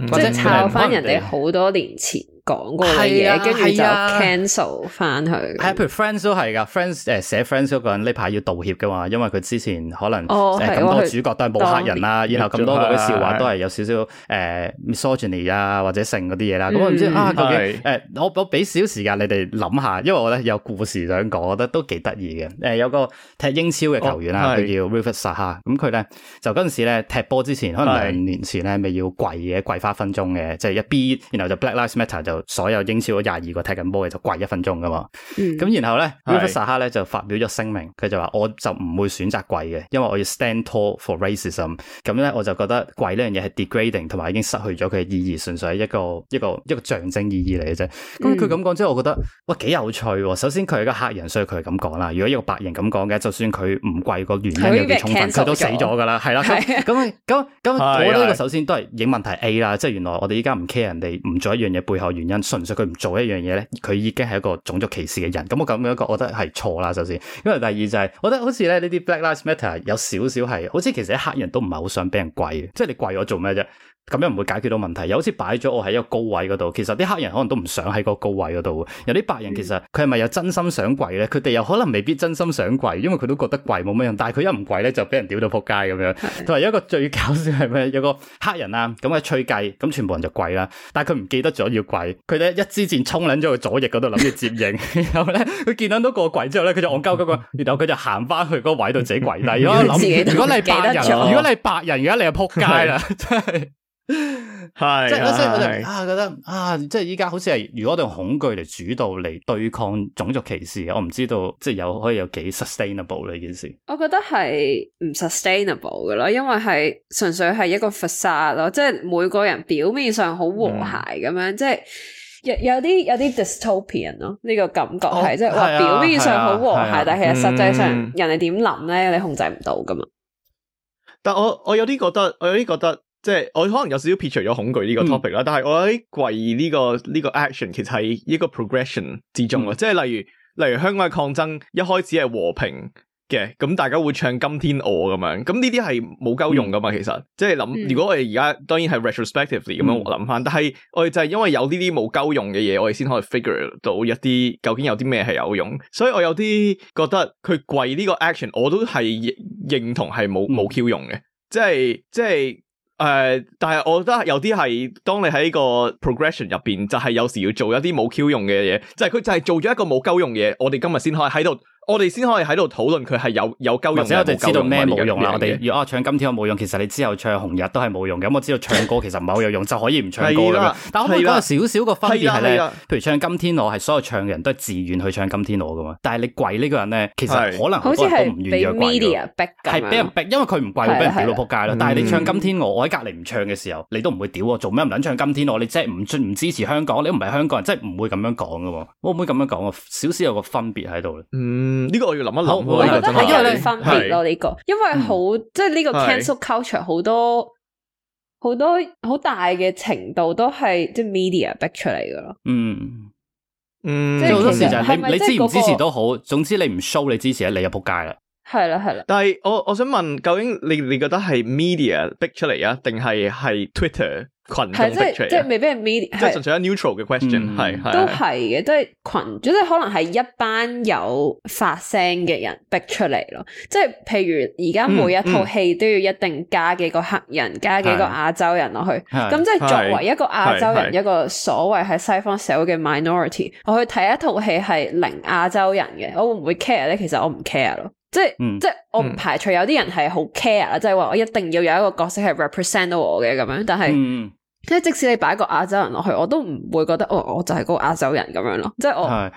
嗯即係抄翻人哋好多年前。嗯嗯嗯嗯講過嘅嘢，跟住就 cancel 翻佢。係譬、啊啊、如 Friends 都係噶，Friends 誒寫 Friends 嗰人呢排要道歉噶嘛，因為佢之前可能咁、哦啊、多主角都係冇黑人啦，哦啊、然後咁多嗰啲笑話、啊啊、都係有少少誒 misogyny、呃、啊或者性嗰啲嘢啦。咁我唔知究竟，誒是、欸、我我俾少時間你哋諗下，因為我咧有故事想講，我覺得都幾得意嘅。誒、呃、有個踢英超嘅球員啦，佢、哦、叫 Riversa 哈，咁佢咧就嗰陣時咧踢波之前，可能兩年前咧咪要跪嘅，跪花分鐘嘅，即係一 B，然後就 Black Lives Matter 所有英超廿二個踢緊波嘅就跪一分鐘噶嘛？咁然後咧，威佛薩克咧就發表咗聲明，佢就話：我就唔會選擇跪嘅，因為我要 stand tall for racism。咁咧，我就覺得跪呢樣嘢係 degrading，同埋已經失去咗佢嘅意義，純粹係一個一個一個象徵意義嚟嘅啫。咁佢咁講，之後我覺得，哇，幾有趣。首先佢係個黑人，所以佢係咁講啦。如果一個白人咁講嘅，就算佢唔跪，個原因有啲充分，佢都死咗噶啦。係啦，咁咁咁，我呢個首先都係影問題 A 啦。即係原來我哋依家唔 care 人哋唔做一樣嘢背後。純粹佢唔做一樣嘢咧，佢已經係一個種族歧視嘅人。咁我咁樣一個，我覺得係錯啦。首先，因為第二就係、是，我覺得好似咧呢啲 Black Lives Matter 有少少係，好似其實啲黑人都唔係好想俾人跪嘅，即係你跪我做咩啫？咁樣唔會解決到問題，又好似擺咗我喺一個高位嗰度，其實啲黑人可能都唔想喺個高位嗰度，有啲白人其實佢係咪有真心想跪咧？佢哋又可能未必真心想跪，因為佢都覺得跪冇乜用，但係佢一唔跪咧就俾人屌到撲街咁樣。同埋有一個最搞笑係咩？有個黑人啊，咁啊吹雞，咁全部人就跪啦，但係佢唔記得咗要跪，佢咧一支箭衝捻咗個左翼嗰度諗住接應， 然後咧佢見到到個跪之後咧，佢就戇鳩嗰個， 然後佢就行翻去個位度自己跪低。如果， 如果你係白人， 如果你係白人，而家你就撲街啦，真係 是。係即係，所以我就啊覺得啊，即係依家好似係如果用恐懼嚟主導嚟對抗種族歧視，我唔知道即係有可以有幾 sustainable 呢件事。我覺得係唔 sustainable 嘅咯，因為係純粹係一個 facade 咯，即係每個人表面上好和諧咁樣，即係有有啲有啲 dystopian 咯呢個感覺係，即係話表面上好和諧，但係實際上人哋點諗咧？你控制唔到噶嘛？但我我有啲覺得，我有啲覺得。即係我可能有少少撇除咗恐懼呢個 topic 啦、嗯，但係我喺貴呢個呢、這個 action 其實係一個 progression 之中咯。嗯、即係例如例如香港嘅抗爭一開始係和平嘅，咁大家會唱今天我咁樣，咁呢啲係冇鳩用噶嘛。其實即係諗，如果我哋而家當然係 retrospectively 咁樣諗翻，嗯，但係我哋就係因為有呢啲冇鳩用嘅嘢，我哋先可以 figure 到一啲究竟有啲咩係有用。所以我有啲覺得佢貴呢個 action，我都係認同係冇冇 Q 用嘅。即係即係。即誒，uh，但係我覺得有啲係，當你喺個 progression 入邊，就係、是、有時要做一啲冇 Q 用嘅嘢，就係、是、佢就係做咗一個冇鳩用嘅嘢，我哋今日先可以喺度。我哋先可以喺度討論佢係有有鳩用，或者我哋知道咩冇用啦沒用、啊。用我哋如果唱今天我冇用，其實你之後唱紅日都係冇用嘅。咁我知道唱歌其實唔係好有用， 就可以唔唱歌啦。的但我哋講少少個分別係咧，譬如唱今天我係所有唱嘅人都係自願去唱今天我噶嘛。但係你跪呢個人咧，其實可能多都好多都唔願意。跪嘅。係俾人逼，係俾人逼，因為佢唔跪，跪會俾人屌到仆街啦。但係你唱今天我，我喺隔籬唔唱嘅時候，你都唔會屌我做咩唔捻唱今天我？你即係唔唔支持香港？你唔係香港人，即係唔會咁樣講噶。我會唔會咁樣講啊？少少有個分別喺度嗯，呢個我要諗一諗。我覺得係因為分別咯，呢個因為好即係呢個 cancel culture 好多好多好大嘅程度都係即係 media 逼出嚟噶咯。嗯嗯，即係好多時就係你你支唔支持都好，總之你唔 show 你支持，你就仆街啦。係啦，係啦。但係我我想問，究竟你你覺得係 media 逼出嚟啊，定係係 Twitter？群眾逼出嚟、係就係、即係未必係 media，即係純粹 neutral 嘅 question，係係都係嘅，都係群，即係可能係一班有發聲嘅人逼出嚟咯。即係譬如而家每一套戲都要一定加幾個黑人，加幾個亞洲人落去。咁是即係作為一個亞洲人，一個所謂喺西方社會嘅 minority，我去睇一套戲係零亞洲人嘅，我會唔會 care 咧？其實我唔 care 咯。即係，嗯、即係我唔排除有啲人係好 care 啦、嗯，即係話我一定要有一個角色係 represent 到我嘅咁樣。但係，即係、嗯、即使你擺一個亞洲人落去，我都唔會覺得哦，我就係嗰個亞洲人咁樣咯。即係我。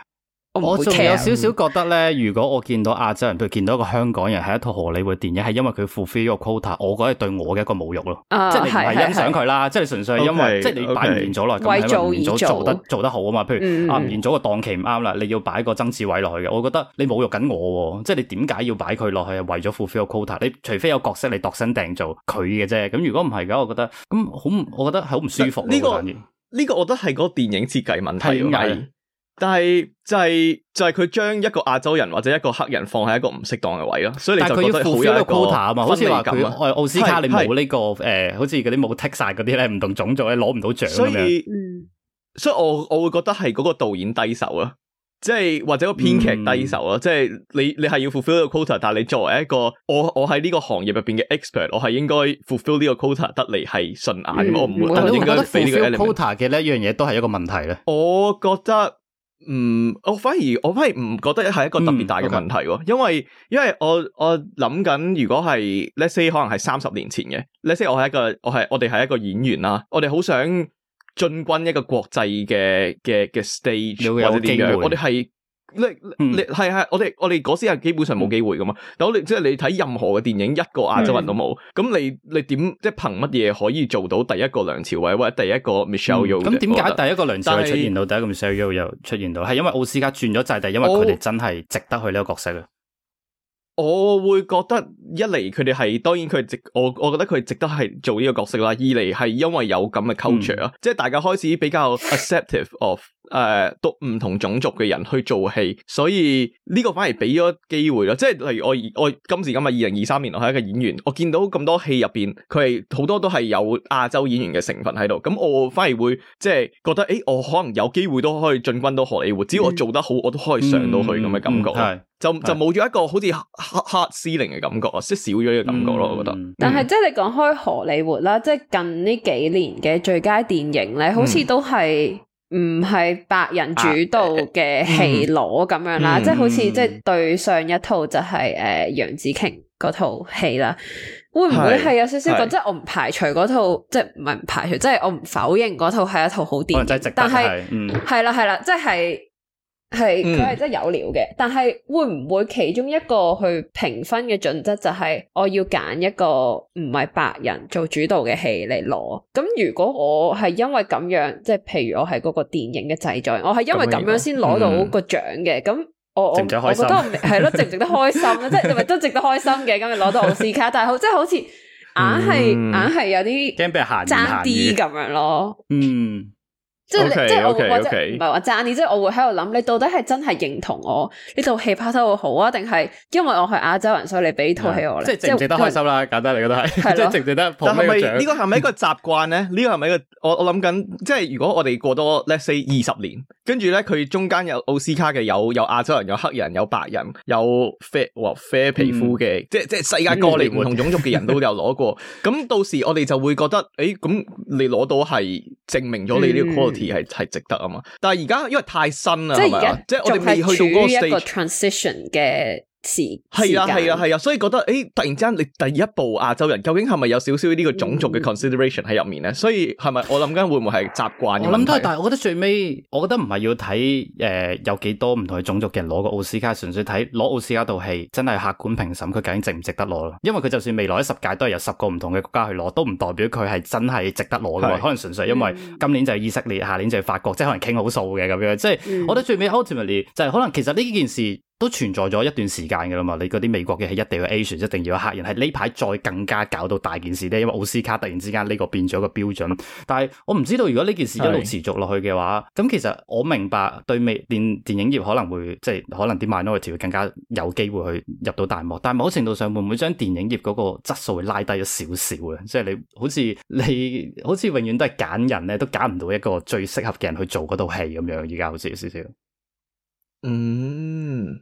我仲有少少覺得咧，如果我見到亞洲人，譬如見到一個香港人，係一套荷里活電影，係因為佢 fulfil 個 quota，我覺得係對我嘅一個侮辱咯。啊、即係你唔係欣賞佢啦，啊、即係純粹係因為 okay，即係你擺吳彥祖咯，咁係 Okay, 為咗做，做，做得做得好啊嘛。譬如、嗯、啊，吳彥祖個檔期唔啱啦，你要擺個曾志偉落去嘅，我覺得你侮辱緊我喎。即係你點解要擺佢落去？為咗 fulfil 個 quota，你除非有角色你度身訂造佢嘅啫。咁如果唔係嘅，我覺得咁好，我覺得好唔舒服。呢個呢個，我，個我覺得係個電影設計問題。但係就係、是、就係佢將一個亞洲人或者一個黑人放喺一個唔適當嘅位咯，所以你就覺得好有一個 quota 啊嘛，好似話佢噉奧斯卡你冇呢、這個誒、呃，好似嗰啲冇 take 晒嗰啲咧，唔同種族咧攞唔到獎咁樣所以，所以我我會覺得係嗰個導演低手啊，即係或者個編劇低手啊。即係、嗯、你你係要 fulfill 呢個 quota，但係你作為一個我我喺呢個行業入邊嘅 expert，我係應該 fulfill 呢個 quota 得嚟係順眼，嗯、我唔會但你 我應該 fulfill 呢個 quota 嘅呢一樣嘢都係一個問題咧。我覺得。唔、嗯，我反而我唔係唔覺得係一個特別大嘅問題，嗯 okay. 因為因為我我諗緊，如果係 Let’s say 可能係三十年前嘅 Let’s say 我係一個我係我哋係一個演員啦，我哋好想進軍一個國際嘅嘅嘅 stage 或者點樣，我哋係。你你係係我哋我哋嗰時係基本上冇機會噶嘛，但我哋即係你睇，任何嘅電影一個亞洲人都冇，咁是你你點即係憑乜嘢可以做到第一個梁朝偉或者第一個 Michelle Yeoh，咁點解第一個梁朝偉出現到，是第一個 Michelle Yeoh 又出現到？係因為奧斯卡轉咗制，定、就、係、是、因為佢哋真係值得去呢個角色啊？我會覺得一嚟佢哋係當然佢值，我我覺得佢值得係做呢個角色啦。二嚟係因為有咁嘅 culture 啊，即係、嗯、大家開始比較 acceptive of。誒，uh, 讀唔同種族嘅人去做戲，所以呢個反而俾咗機會咯。即係例如我，我今時今日二零二三年我係一個演員，我見到咁多戲入邊，佢係好多都係有亞洲演員嘅成分喺度。咁我反而會即係覺得，誒、欸，我可能有機會都可以進軍到荷里活，只要我做得好，我都可以上到去咁嘅感覺。係、嗯、就、嗯、就冇咗是一個好似黑黑司令嘅感覺啊，即少咗嘅感覺咯。嗯、我覺得、嗯。但係即係你講開荷里活啦，即係近呢幾年嘅最佳電影咧，好似都係。嗯嗯唔係白人主導嘅戲攞咁樣啦，啊嗯、即係好似、嗯、即係對上一套就係誒楊紫瓊嗰套戲啦，會唔會係有少少？是即係我唔排除嗰套，是即係唔係唔排除，即係我唔否認嗰套係一套好電影，但係係啦係啦，係啦，即係。係佢，係真係有料嘅，但係會唔會其中一個去評分嘅準則就係我要揀一個唔係白人做主導嘅戲嚟攞？咁如果我係因為咁樣，即係譬如我係嗰個電影嘅製作，我係因為咁樣先攞到個獎嘅，咁我、嗯、我覺得係咯，值唔值得開心咧？ 即係係咪都值得開心嘅？咁日攞到奧斯卡，但係好即係好似硬係硬係有啲驚俾人限啲咁樣咯？嗯。即係即係，我會覺得唔係話讚你，即係我會喺度諗，你到底係真係認同我呢套戲拍得好啊，定係因為我係亞洲人，所以你俾套戲我咧？即係值唔值得開心啦？簡單嚟講都係，即係值唔值得捧起個獎？但係咪呢個係咪一個習慣咧？呢個係咪一個我我諗緊？即係如果我哋過多，let's say 二十年，跟住咧佢中間有奧斯卡嘅有有亞洲人、有黑人、有白人、有啡或啡皮膚嘅，即係即係世界各地唔同種族嘅人都有攞過。咁到時我哋就會覺得誒，咁你攞到係證明咗你呢個 quality 係係值得啊嘛，但係而家因為太新啦，即係而家即係我哋未去做嗰個 stage 嘅 transition 嘅。係啊，係啊，係啊，所以覺得誒、欸，突然之間你第一步亞洲人究竟係咪有少少呢個種族嘅 consideration 喺入、mm. 面咧？所以係咪我諗緊會唔會係習慣？我諗都係，但係我覺得最尾，我覺得唔係要睇誒、呃、有幾多唔同嘅種族嘅人攞個奧斯卡，純粹睇攞奧斯卡套戲真係客觀評審佢究竟值唔值得攞咯。因為佢就算未來十屆都係有十個唔同嘅國家去攞，都唔代表佢係真係值得攞嘅。是可能純粹因為今年就係以色列，下年就係法國，即係可能傾好數嘅咁樣。的即係我覺得最尾 ultimately 就係可能其實呢件事。Mm. 都存在咗一段時間嘅啦嘛，你嗰啲美國嘅係一定要 Asian，一定要有黑人，係呢排再更加搞到大件事咧，因為奧斯卡突然之間呢個變咗個標準。但係我唔知道，如果呢件事一路持續落去嘅話，咁是、嗯、其實我明白對美電電影業可能會即係可能啲 minority 會更加有機會去入到大幕，但係某程度上會唔會將電影業嗰個質素會拉低咗少少咧？即係你好似你好似永遠都係揀人咧，都揀唔到一個最適合嘅人去做嗰套戲咁樣，而家好似有少少。嗯。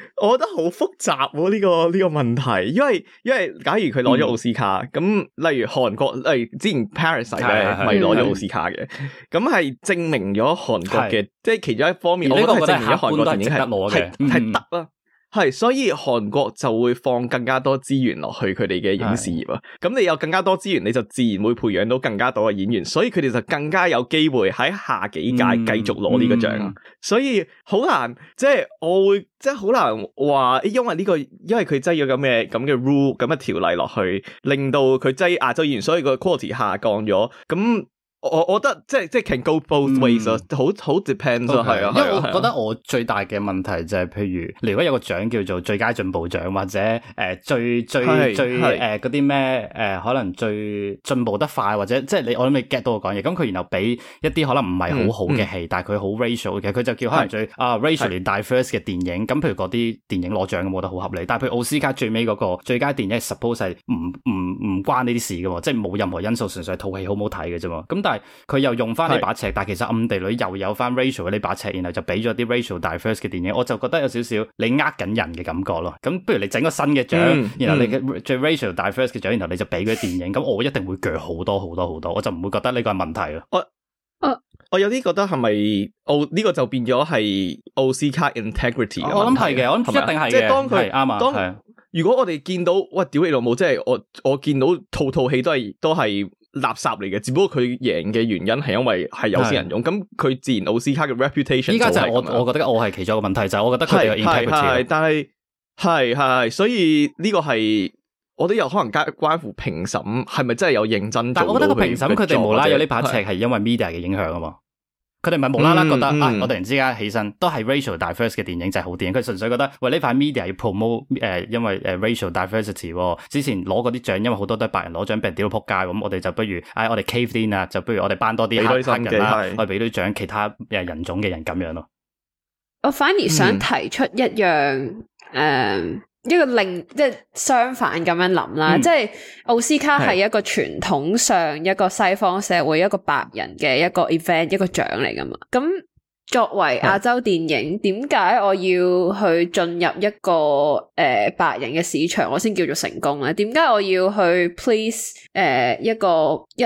我覺得好複雜喎、啊、呢、這個呢、這個問題，因為因為假如佢攞咗奧斯卡，咁、嗯、例如韓國，例如之前 Paris 係咪攞咗奧斯卡嘅，咁係、嗯、證明咗韓國嘅，即係是其中一方面，這我覺得一般都係值得攞嘅，係、嗯、得啦。係，所以韓國就會放更加多資源落去佢哋嘅影視業啊。咁是你有更加多資源，你就自然會培養到更加多嘅演員。所以佢哋就更加有機會喺下幾屆繼續攞呢個獎。嗯嗯、所以好難，即係我會即係好難話、欸，因為呢、呢個因為佢擠咗咁嘅咁嘅 rule 咁嘅條例落去，令到佢擠亞洲演員，所以個 quality 下降咗。咁。我我覺得即係即係 can go both ways 好好 depends 係啊，因為我覺得我最大嘅問題就係譬如，如果有一個獎叫做最佳進步獎，或者誒最最最誒嗰啲咩誒可能最進步得快，或者即係你我諗你 get 到我講嘢，咁佢然後俾一啲可能唔係好好嘅戲，但係佢好 racial 嘅，佢就叫可能最啊 racially diverse 嘅電影，咁譬如嗰啲電影攞獎我覺得好合理，但係譬如奧斯卡最尾嗰個最佳電影 suppose 係唔唔唔關呢啲事嘅喎，即係冇任何因素，純粹係套戲好唔好睇嘅啫喎，咁但佢又用翻呢把尺，是但係其實暗地裏又有翻 racial 呢把尺，然後就俾咗啲 racial diverse 嘅電影，我就覺得有少少你呃緊人嘅感覺咯。咁不如你整個新嘅獎，嗯、然後你嘅最 racial diverse 嘅獎，然後你就俾佢電影，咁、嗯、我一定會鋸好多好多好多，我就唔會覺得呢個係問題咯。我，我，我有啲覺得係咪奧呢個就變咗係奧斯卡 integrity 嘅問題？我諗係嘅，我諗一定係嘅。吧當佢啱啊，如果我哋見到喂屌你老母，即、就、係、是、我我見到套套戲都係都係。垃圾嚟嘅，water, 只不過佢贏嘅原因係因為係有錢人用，咁佢的自然奧斯卡嘅 reputation 依家就係我 我覺得我係其中一個問題就係、是、我覺得佢哋有 impact 但係係係所以呢個係我哋有可能關關乎評審係咪真係有認真，但係我覺得個評審佢哋無啦啦有呢把尺係的因為 media 嘅影響啊嘛。佢哋唔係無啦啦覺得啊、嗯嗯哎，我突然之間起身都係 racial diverse 嘅電影就係、是、好電影。佢純粹覺得喂呢塊 media 要 promote 誒、呃，因為誒 racial diversity、哦。之前攞嗰啲獎，因為好多都係白人攞獎，俾人屌到仆街。咁、嗯、我哋就不如，唉、哎，我哋 cave 啲啊，就不如我哋頒多啲黑人啦，可以俾啲獎其他誒人種嘅人咁樣咯。我反而想提出、嗯、一樣誒。嗯一個另即係相反咁樣諗啦，嗯、即係奧斯卡係一個傳統上一個西方社會一個白人嘅一個 event 一個獎嚟噶嘛。咁作為亞洲電影，點解是我要去進入一個誒、呃、白人嘅市場，我先叫做成功咧？點解我要去 please、呃、誒一個一？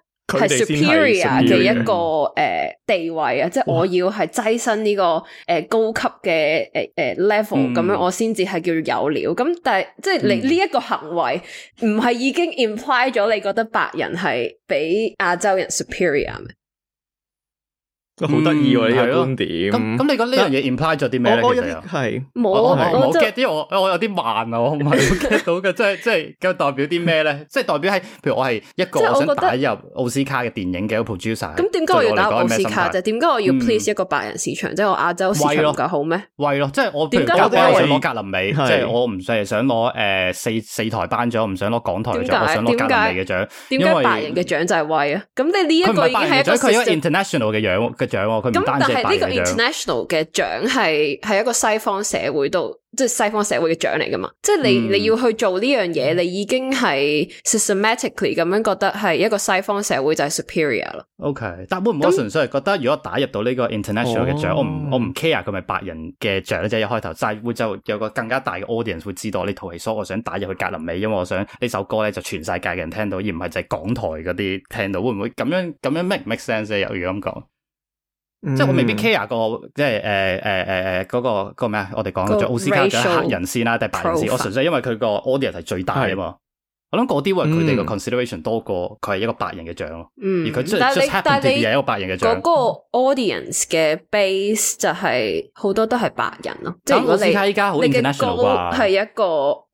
係 superior 嘅一個誒地位啊， 即係我要係躋身呢個誒高級嘅誒誒 level 咁、嗯、樣，我先至係叫做有料。咁但係即係你呢一個行為，唔係已經 imply 咗你覺得白人係比亞洲人 superior。好得意喎！你睇咯咁咁，你覺得呢樣嘢 imply 咗啲咩咧？我有啲係冇，我有啲慢啊！我唔係好 get 到嘅，即係即係代表啲咩咧？即係代表係譬如我係一個想打入奧斯卡嘅電影嘅 producer。咁點解我要打奧斯卡啫？點解我要 please 一個白人市場，即係我亞洲市場好咩？威咯！即係我點解我唔想攞格林美？即係我唔想係想攞誒四四台頒獎，我唔想攞港台獎，我想攞格林美嘅獎。點解白人嘅獎就係威啊？咁你呢一個已經係一個 international 嘅樣。咁、嗯、但係呢個 international 嘅獎係係一個西方社會度，即係西方社會嘅獎嚟噶嘛？即係你你要去做呢樣嘢，你已經係 systematically 咁樣覺得係一個西方社會就係 superior 啦。OK，但會唔會純粹係覺得，如果打入到呢個 international 嘅獎，哦，我唔我唔 care 佢咪白人嘅獎，即係一開頭，但會就有個更加大嘅 audience 會知道，呢套戲，所以我想打入去格林美，因為我想呢首歌咧就全世界嘅人聽到，而唔係就係港台嗰啲聽到。會唔會咁樣咁樣 make make sense 啊？又如果咁講？即係我未必 care、呃呃呃那個即係誒誒誒誒嗰個嗰個咩？啊，我哋講個獎奧斯卡獎黑人先啦，定係白人先？我純粹因為佢個 audience 係最大啊嘛。我諗嗰啲話佢哋嘅 consideration 多過佢係一個白人嘅獎咯，而佢即係 just happen to 係一個白人嘅獎。嗰個 audience 嘅 base 就係好多都係白人咯。即係奧斯卡依家好 international 啩？係一個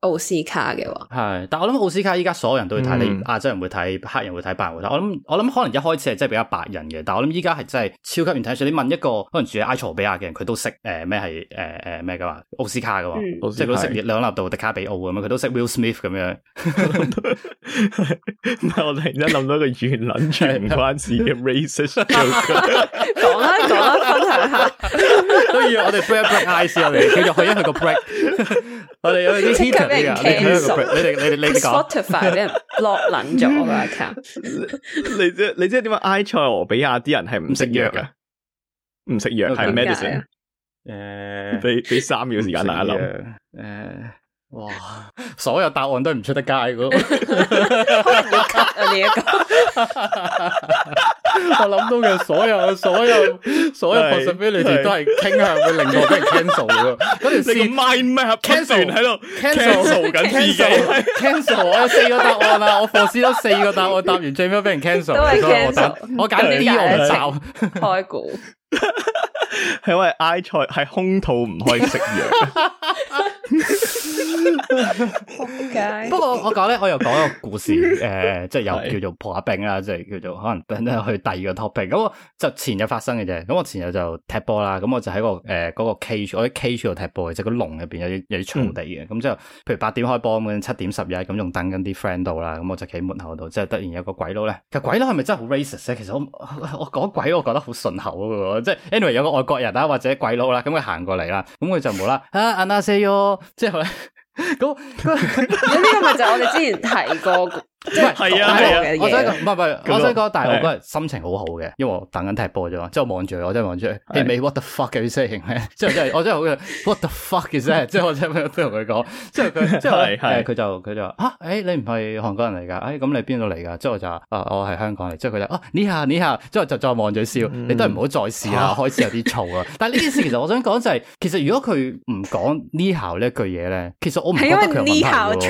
奧斯卡嘅話，係。但我諗奧斯卡依家所有人都會睇，你亞洲人會睇，黑人會睇，白人會睇。我諗我諗可能一開始係真係比較白人嘅，但我諗依家係真係超級 international，你問一個可能住喺埃塞俄比亞嘅人，佢都識誒咩係誒誒咩噶嘛？奧斯卡噶，即係佢識兩納度迪卡比奧咁樣，佢都識 Will Smith 咁樣。唔係 我突然間諗到一個完全唔關事嘅 racist，講啦講啦，分享下都要我哋 break break ice 嚟叫做可以係個 break，我哋有啲天真啲你哋你哋你哋講，你哋、這個、block 諗住我 你知你點解埃塞俄比亞啲人係唔食藥嘅？唔食藥係 medicine？誒 麼，俾俾三秒時間大家諗，誒、啊。哇！所有答案都唔出得街噶，我諗到嘅所有、所有、所有 possibility 都係傾向會令我俾人 cancel 噶。嗰條線，cancel 完喺度 cancel 緊自己，cancel 我四個答案啊！我嘗試咗四個答案，答完最尾俾人 cancel。我揀呢啲嚟炒開估，係因為 I 菜係空肚唔可以食藥。撲街！ 不過我講咧，我又講個故事，誒、呃，即係又叫做破下冰啦，即係叫做可能餅咧去第二個 topic、嗯。咁我就前日發生嘅啫。咁我前日就踢波啦。咁我就喺個誒個 cage，我喺 cage 度踢波嘅，就個籠入邊有有啲草地嘅。咁之後，譬如八點開波咁，七點十日，咁、嗯，仲等緊啲 friend 到啦。咁我就企門口度，即係突然有個鬼佬咧。其實鬼佬係咪真係好 racist 呢？其實我我講鬼，我覺得好順口咯。即係 anyway，有個外國人啊，或者鬼佬啦，咁佢行過嚟啦，咁佢就冇啦。啊，阿阿 Sir，即係咧。 嗰嗰呢個咪就係我哋之前提過。 係啊，我，啊我想唔係唔係，我想講大陸，嗰日心情好好嘅，因為我等緊踢波啫嘛，之後望住我真，之後望住，你咩、欸、what the fuck 嘅意思？即係即係，我真係好嘅，what the fuck 嘅意思？即係我真係真係同佢講，之後佢之後佢就佢就話啊，誒、哎，你唔係韓國人嚟噶？誒、哎，咁你邊度嚟噶？之後我就啊，我係香港嚟。之後佢就啊，呢下呢下，之、嗯、後我就再望住笑，你都係唔好再試下。開始有啲嘈啊。但係呢件事其實我想講就係，其實如果佢唔講呢下呢句嘢咧，其實我唔覺得佢有問題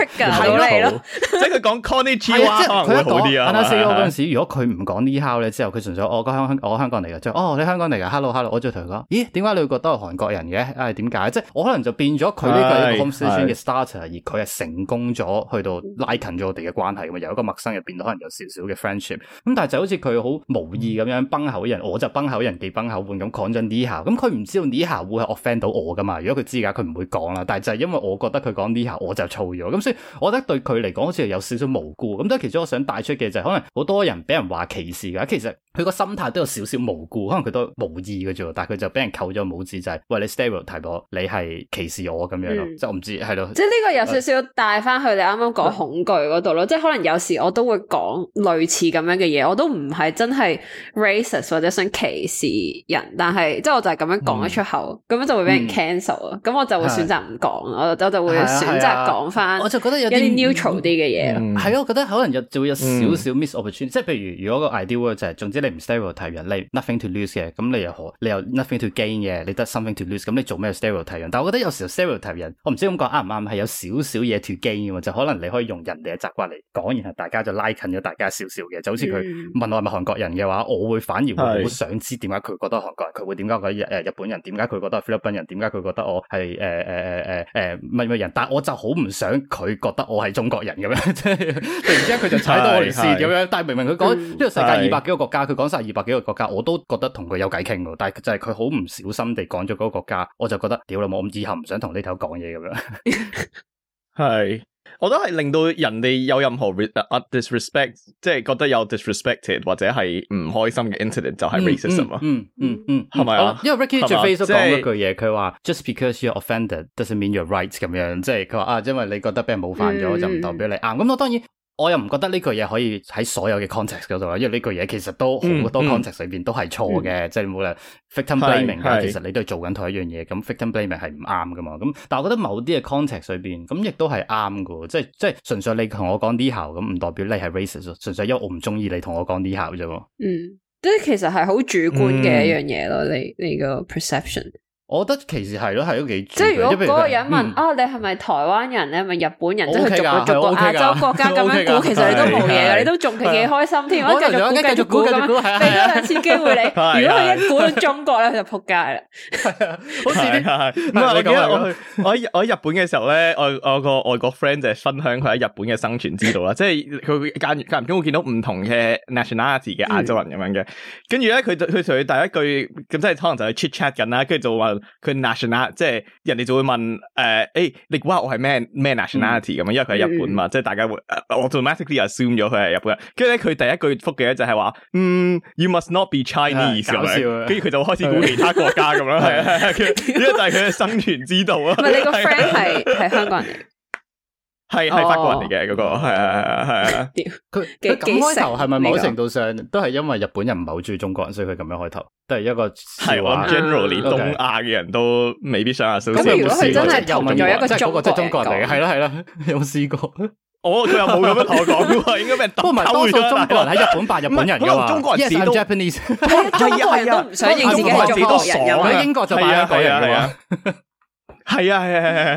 咯。即係佢講係啊，即係佢一講，嗰陣時，如果佢唔講呢下 hi 咧之後，佢純粹、 哦、我個香我香港嚟嘅，就哦你香港嚟嘅，hello hello，我就同佢講，咦點解你會覺得係韓國人嘅？唉點解？即係我可能就變咗佢呢個一個 conversation 嘅 starter，而佢係成功咗去到拉近咗我哋嘅關係，由一個陌生入邊到可能有少少嘅 friendship，咁但係就好似佢好無意咁樣崩口人，我就崩口人地崩口換咁講咗呢下。hi 咁佢唔知道呢下 hi 會係 offend 到我噶嘛？如果佢知架，佢唔會講啦。但係就係因為我覺得佢講呢下我就燥咗，咁所以我覺得對佢嚟講好似有少少無辜。咁但係其中我想帶出嘅就係，可能好多人俾人話歧視噶，其實。佢個心態都有少少無辜，可能佢都無意嘅啫，但係佢就俾人扣咗帽子，就係、是、喂你 stereotype 睇我，你係歧視我咁樣咯，就、嗯、我唔知係咯。即係呢個有少少帶翻去你啱啱講恐懼嗰度咯，嗯、即係可能有時我都會講類似咁樣嘅嘢，我都唔係真係 racist 或者想歧視人，但係即係我就係咁樣講咗出口，咁、嗯、樣就會俾人 cancel 啊、嗯，咁我就會選擇唔講，我、嗯、我就會選擇講翻，嗯、我就覺得有啲 neutral 啲嘅嘢。係咯，嗯嗯、我覺得可能有就會有少少，少 miss opportunity，即係譬如如果個 idea 就係、是、總之你。唔 stereotype 嘅人，你 nothing to lose 嘅，咁你又何，你又 nothing to gain 嘅，你得 something to lose，咁你做咩 stereotype 嘅人？但係我覺得有時候 stereotype 嘅人，我唔知咁講啱唔啱，係有少少嘢 to gain 嘅，就可能你可以用人哋嘅習慣嚟講，然後大家就拉近咗大家少少嘅，就好似佢問我係咪韓國人嘅話，我會反而會好想知點解佢覺得韓國人，佢是會點解覺得誒日本人，點解佢覺得菲律賓人，點解佢覺得我係誒誒誒誒誒乜乜人？但係我就好唔想佢覺得我係中國人咁樣，即 係突然之間佢就踩到我條線咁樣。但係明明佢講呢個世界二百幾個國家。佢講晒二百幾個國家，我都覺得同佢有偈傾喎。但係就係佢好唔小心地講咗嗰個國家，我就覺得屌啦，我咁以後唔想同呢頭講嘢咁樣。係， hey. 我都係令到人哋有任何、uh, disrespect，即係覺得有 disrespect 或者係唔開心嘅 incident 就係 racism 咯。嗯嗯嗯，係咪啊？因為 Ricky Gervais 最尾都講一句嘢，佢話、就是、just because you offended doesn't mean you're right 咁樣。即係佢話啊，因為你覺得畀人冒犯咗，mm, 就唔代表你啊。咁我當然。我又唔覺得呢句嘢可以喺所有嘅 context 嗰度啦，因為呢句嘢其實都好多 context 裏面都係錯嘅，嗯，嗯、即係冇論 victim blaming，其實你都係做緊同一樣嘢，咁 victim blaming 係唔啱㗎嘛。咁但係我覺得某啲嘅 context 裏面咁亦都係啱㗎，即係即係純粹你同我講啲後咁，唔代表你係 racist，純粹因為我唔中意你同我講啲後啫喎。嗯，即係其實係好主觀嘅一樣嘢咯，你你個 perception。我覺得其實係咯，係都幾即係如果嗰個人問啊，你係咪台灣人咧，係咪日本人，即係逐個逐個亞洲國家咁樣估，其實你都冇嘢嘅，你都仲幾幾開心添，我繼續估，繼續估咁樣，俾多兩次機會你。如果佢一估到中國咧，佢就撲街啦。好似係，我喺我喺日本嘅時候咧，我我個外國 friend 就係分享佢喺日本嘅生存之道啦，即係佢間間唔中會見到唔同嘅 nationality 嘅亞洲人咁樣嘅，跟住咧佢，佢同佢第一句咁即係可能就係 chat chat 緊啦，跟住就話。佢 national 即係人哋就會問誒誒、呃欸、你估下我係咩咩 nationality 咁啊，ity, 因為佢係日本嘛，嗯、即係大家會 automatically assume 咗佢係日本人。跟住咧佢第一句覆嘅就係話，嗯，you must not be Chinese，搞、嗯、樣笑跟住佢就開始估其他國家咁樣，係啊，呢個就係佢嘅生存之道啊。唔係 你個 friend 係係香港人。係係法國人嚟嘅嗰個，係啊係啊係啊。佢佢咁開頭係咪某程度上都係因為日本人唔係好中意中國人，所以佢咁樣開頭都係一個笑話。Generally，東亞嘅人都未必想阿蘇。咁如果佢真係提問咗一個，即係嗰個即係中國人嚟嘅，係啦係啦。有冇試過？我佢又冇咁樣同我講噶嘛？應該咩？不過唔係多數中國人喺日本扮日本人噶中國人扮 Japanese，係啊係啊，唔想認嘅中國人。喺英國就扮英國人，係啊係啊係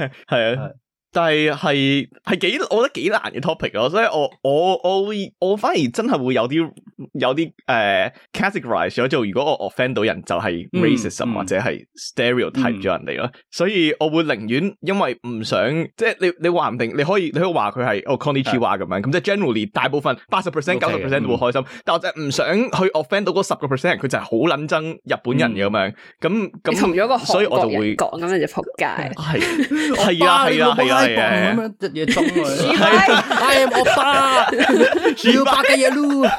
啊係啊。但係係係幾，我覺得幾難嘅 topic 咯，所以我我我我反而真係會有啲有啲誒 categorise 咗，做，如果我 offend 到人就係 racism 或者係 stereotype 咗人哋咯，所以我會寧願因為唔想即係你你話唔定你可以你可以話佢係我 conny chihuahua 咁樣，咁即係 generally 大部分八十 percent 九十 percent 都會開心，但我就係唔想去 offend 到嗰十個 percent，佢就係好捻憎日本人嘅咁樣，咁咁同咗個所以我就會講咁樣就撲街，係係啊係啊係啊。係啊，咁樣一嘢中啊！ 嗯、 要拍，I am 惡霸，要拍嘅嘢碌。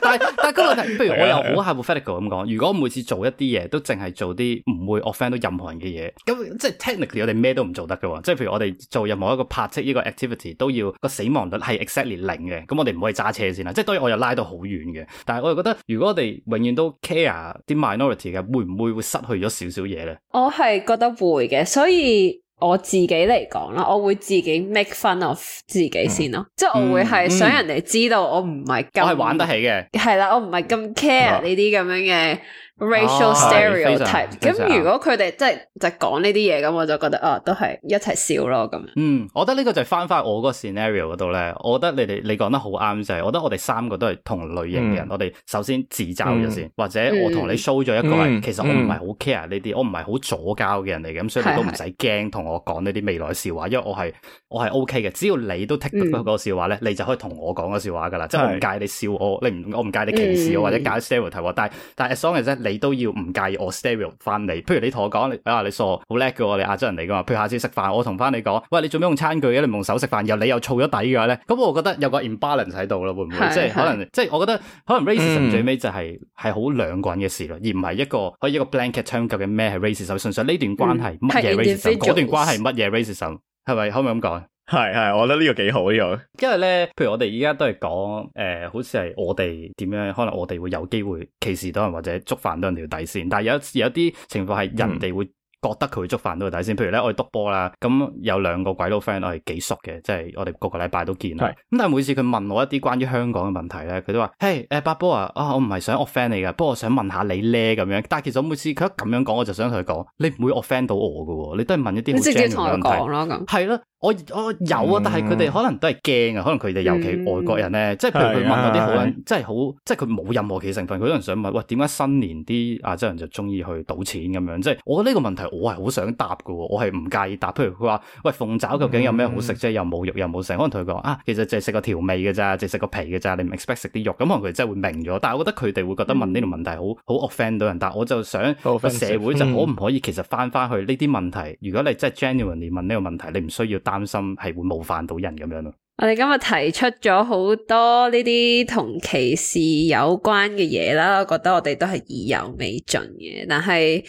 但但嗰個問題，譬如我又好係 political 咁講，如果每次做一啲嘢都淨係做啲唔會 offend 到任何人嘅嘢，咁即係 technically 我哋咩都唔做得噶。即係譬如我哋做任何一個拍積呢個 activity，都要個死亡率係 exactly 零嘅。咁我哋唔可以揸車先啦。即係當然我又拉到好遠嘅，但係我又覺得如果我哋永遠都 care 啲 minority 嘅，會唔會會失去咗少少嘢咧？我係覺得會嘅，所以。我自己嚟講啦，我會自己 make fun of 自己先咯，嗯、即係我會係想人哋知道我唔係咁，我係玩得起嘅，係啦，我唔係咁 care 呢啲咁樣嘅。racial stereotype，咁如果佢哋即係就講呢啲嘢咁，我就覺得啊，都係一齊笑咯咁。嗯，我覺得呢個就係翻翻我個 scenario 嗰度咧，我覺得你哋你講得好啱就係，我覺得我哋三個都係同類型嘅人。我哋首先自嘲咗先，或者我同你 show 咗一個係，其實我唔係好 care 呢啲，我唔係好左交嘅人嚟嘅，咁所以都唔使驚同我講呢啲未來笑話，因為我係我係 OK 嘅。只要你都 take 得嗰個笑話咧，你就可以同我講嗰笑話噶啦，即係我唔介意你笑我，你唔我唔介意你歧視我或者介意 stereotype。但係但係 s o n g 嘅啫。你都要唔介意我 stereotype 翻嚟，譬如你同我講，你啊你傻，好叻嘅喎，你亞洲人嚟噶嘛？譬如下次食飯，我同翻你講，喂，你做咩用餐具嘅？你唔用手食飯，又你又燥咗底嘅話咧，咁我覺得有個 imbalance 喺度啦，會唔會？是是即係可能，是是即係我覺得可能 racism、嗯、最尾就係係好兩個人嘅事啦，而唔係一個可以一個 blanket term 究竟咩係 racism，純粹呢、嗯、段關係乜嘢 racism，嗰段關係乜嘢 racism，係咪可唔可以咁講？係係，我覺得呢個幾好呢個，因為咧，譬如我哋而家都係講，誒、呃，好似係我哋點樣，可能我哋會有機會歧視到人，或者觸犯到人條底線。但係有有啲情況係人哋會覺得佢會觸犯到條底線。譬如咧，我哋督波啦，咁有兩個鬼佬 friend 我係幾熟嘅，即係我哋個個禮拜都見。係咁是，但係每次佢問我一啲關於香港嘅問題咧，佢都話，嘿，誒，八波啊，啊、哦，我唔係想 offend 你噶，不過我想問下你咧咁樣。但係其實我每次佢一咁樣講，我就想同佢講，你唔會 offend 到我噶，你都係問一啲好專業嘅問題。你直接同我講咯，係啦。我我有啊，但係佢哋可能都係驚啊，可能佢哋尤其外國人咧，即係譬如佢問嗰啲好人，即係好，即係佢冇任何其他成分。佢可能想問，喂，點解新年啲亞洲人就中意去賭錢咁樣？即係我呢個問題我，我係好想答噶，我係唔介意答。譬如佢話，喂，鳳爪究竟有咩好食啫？嗯、又冇肉，又冇成，可能同佢講啊，其實淨係食個調味嘅咋，淨係食個皮嘅咋，你唔 expect 食啲肉，咁可能佢真係會明咗。但係我覺得佢哋會覺得問呢個問題好好 offend 到人，嗯嗯嗯、但係我就想個社會就可唔可以其實翻翻去呢啲問題？嗯嗯、如果你真係 genuinely 問呢個問題，你唔需要。擔心係會冒犯到人咁樣咯。我哋今日提出咗好多呢啲同歧視有關嘅嘢啦，覺得我哋都係意猶未盡嘅。但係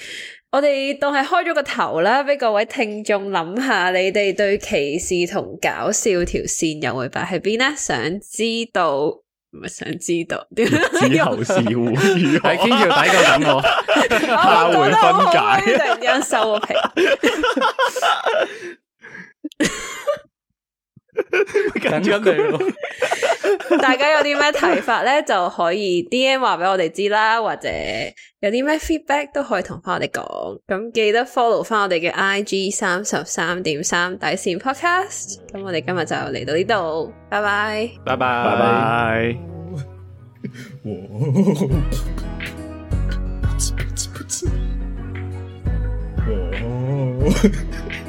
我哋當係開咗個頭啦，俾各位聽眾諗下，你哋對歧視同搞笑條線又會擺喺邊咧？想知道唔係想知道？後事如何喺天橋底度等我，下回分解。突然之間收個皮。 跟着他笑大家有啲咩睇法呢？就可以 DM 話俾我哋知啦，或者有啲咩 feedback 都可以同翻我哋講。咁記得 follow 翻我哋嘅 IG 三十三點三底線 Podcast。咁我哋今日就嚟到呢度，拜拜，拜拜，拜拜。